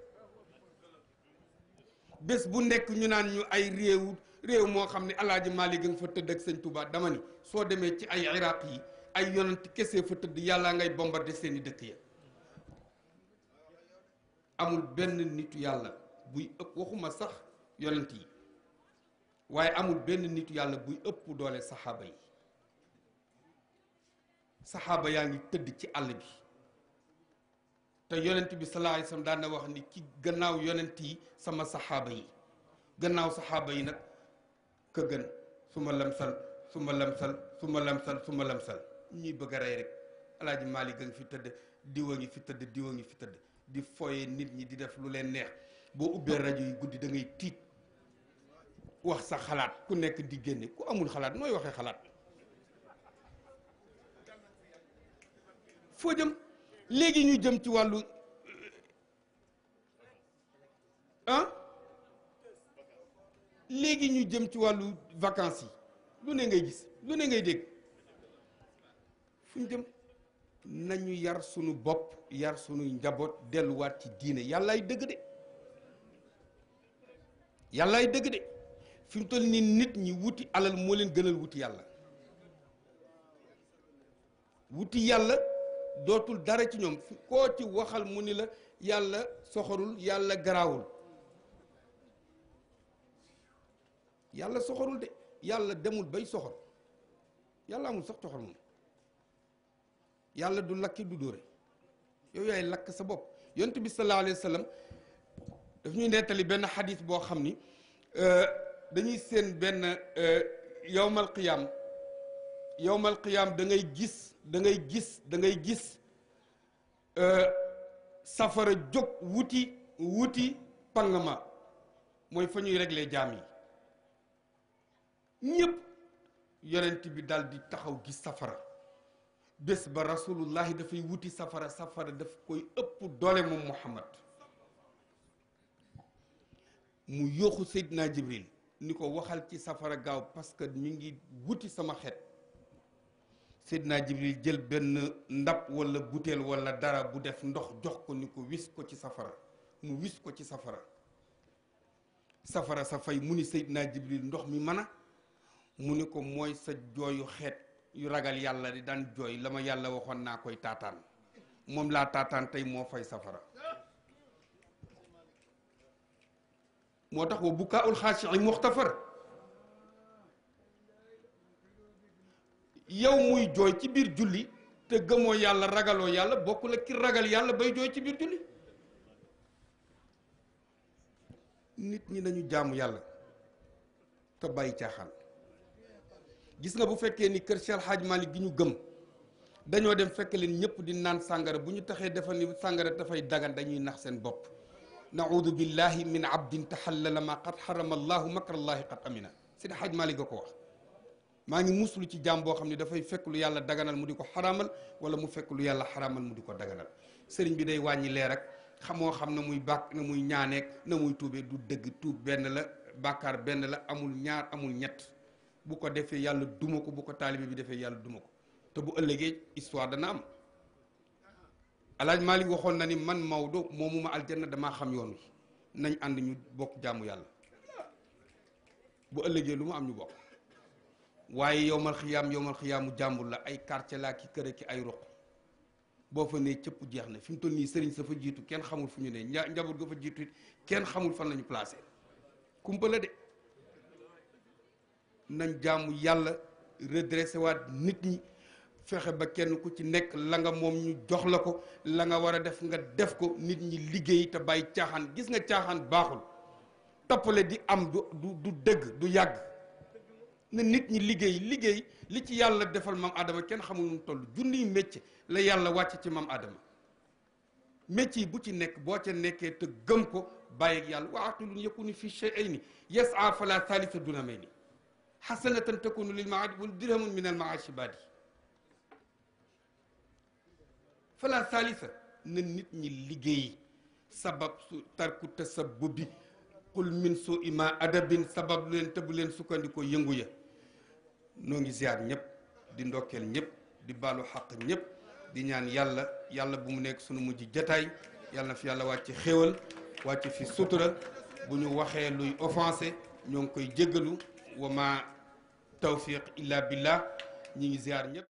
bés bu nekk ñu naan ñu ay réew réew moo xam ne alaaji Maalik nga fa tëdd ak sëñ Touba dama ni soo demee ci ay iraq yi ay yonent kese fa tëdd yàlla ngay bombarde seeni dëkk ya amul benn nitu yàlla buy ëpp waxuma sax yonent yi waaye amul benn nitu yàlla buy ëpp doole saxaaba yi saxaaba yaa ngi tëdd ci àll bi te yonent bi sallallahu alayhi wasallam daan na wax ni ci gannaaw yonent yi sama saxaaba yi gannaaw saxaaba yi nag ka gën su ma lamsal su ma lamsal su ma lamsal su ma lamsal ñuy bëgg a rey rek alaaji Maalik a ngi fi tëdd diwa ngi fi tëdd diwa ngi fi tëdd di foye nit ñi di def lu leen neex boo ubbee rajo yi guddi da ngay tiit wax sa xalaat ku nekk di génne ku amul xalaat mooy waxee xalaat foo jëm léegi ñu jëm ci wàllu ah léegi ñu jëm ci wàllu vacances yi lu ne ngay gis lu ne ngay dégg fu ñu jëm nañu yar sunu bopp yar sunu njaboot delluwaat ci diine yàllaay dëgg de ay dëgg de fi mu toll nii nit ñi wuti alal moo leen gënal wuti yàlla wuti yàlla dootul dara ci ñoom koo ci waxal mu ni la yàlla soxorul yàlla garaawul yàlla soxorul de yàlla demul bay soxor yàlla amul sax soxor moom yàlla du lakki du dóore yow yaay lakk sa bopp yont bi sallallahu alayhi wa daf ñuy nettali benn xadis boo xam ni euh, dañuy seen benn euh, yowmal qiyaam yowmal qiyaam dangay gis dangay gis dangay gis euh, safara jóg wuti wuti pangama mooy fa ñuy régler jaam yi ñépp yonent bi daal di taxaw gis safara bés ba rasulullahi dafay wuti safara safara daf koy ëpp doole moom muhammad mu yooxu seydina jibril ni ko waxal ci safara gaaw parce que mi ngi wuti sama xeet Seydina Jibril jël benn ndab wala butéel walla dara bu def ndox jox ko ni ko wis ko ci safara mu wis ko ci safara safara sa fay mu ni naa Jibril ndox mi mana mu ni ko mooy sa jooyu xeet yu ragal yàlla di daan jooy la ma yàlla waxoon naa koy taataan moom laa taataan tey moo fay safara moo tax wa bu ul xaasi muxtafar yow muy jooy ci biir julli te gëmoo yàlla ragaloo yàlla bokkul ak ki ragal yàlla bay jooy ci biir julli nit ñi nañu jaamu yàlla te bàyyi caaxaan gis nga bu fekkee ni kër Cheikh xaj Malick gi ñu gëm dañoo dem fekk leen ñëpp di naan sàngara bu ñu taxee defal ni sàngara dafay dagan dañuy nax seen bopp naudu billahi min abdin tahallala ma qad xarama allahu makrallahi qad amina Sidi xaj Malick a ko wax maa ngi muslu ci jaam boo xam ne dafay fekk lu yàlla daganal mu di ko xaraamal wala mu fekk lu yàlla xaraamal mu di ko daganal sëriñ bi day wàññi leer ak xamoo xam na muy bàkk na muy ñaaneek na muy tuubee du dëgg tuub benn la bàkkaar benn la amul ñaar amul ñett bu ko defee yàlla duma ko bu ko taalibe bi defee yàlla duma ko te bu ëllëgee histoire dana am alaaj li waxoon na ni man Maodo moomu ma aljanna damaa xam yoon wi nañ ànd ñu bokk jaamu yàlla bu ëllëgee lu mu am ñu bokk waaye yowmal xiyaam yowmal xiyaamu jàmbur la ay quartier laa ki kër ki ay ruq boo fa nee cëpp jeex na fi mu toll nii sëriñ sa fa jiitu kenn xamul fu ñu ne njaboot ga fa jiitu it kenn xamul fan lañu placé kumpa la de nañ jaamu yàlla redressé waat nit ñi fexe ba kenn ku ci nekk la nga moom ñu jox la ko la nga war a def nga def ko nit ñi liggéey te bàyyi caaxaan gis nga caaxaan baaxul toppale di am du du dëgg du yàgg na nit ñi liggéey liggéey li ci yàlla defal maam Adama kenn xamul nu mu toll junniy la yàlla wàcc ci maam Adama métier bu ci nekk boo ca nekkee te gëm ko bàyyi ak yàlla wa aqilun yakunu fi shay'ayni yas'a fala thalitha duna may ni xasanatan takunu lil maadi wal nit ñi liggéey sabab su tarku tasabbubi qul leen te bu leen sukkandikoo yëngu ya noo ngi ziar ñëpp di ndokkeel ñëpp di baalu xaq ñëpp di ñaan yàlla yàlla bu mu nekk sunu mujj jataay yàlla na fi yàlla wàcc xéwal wàcc fi sutura bu ñu waxee luy offensé ñoo ngi koy jéggalu wa ma tawfiq illa billah ñi ngi ziar ñëpp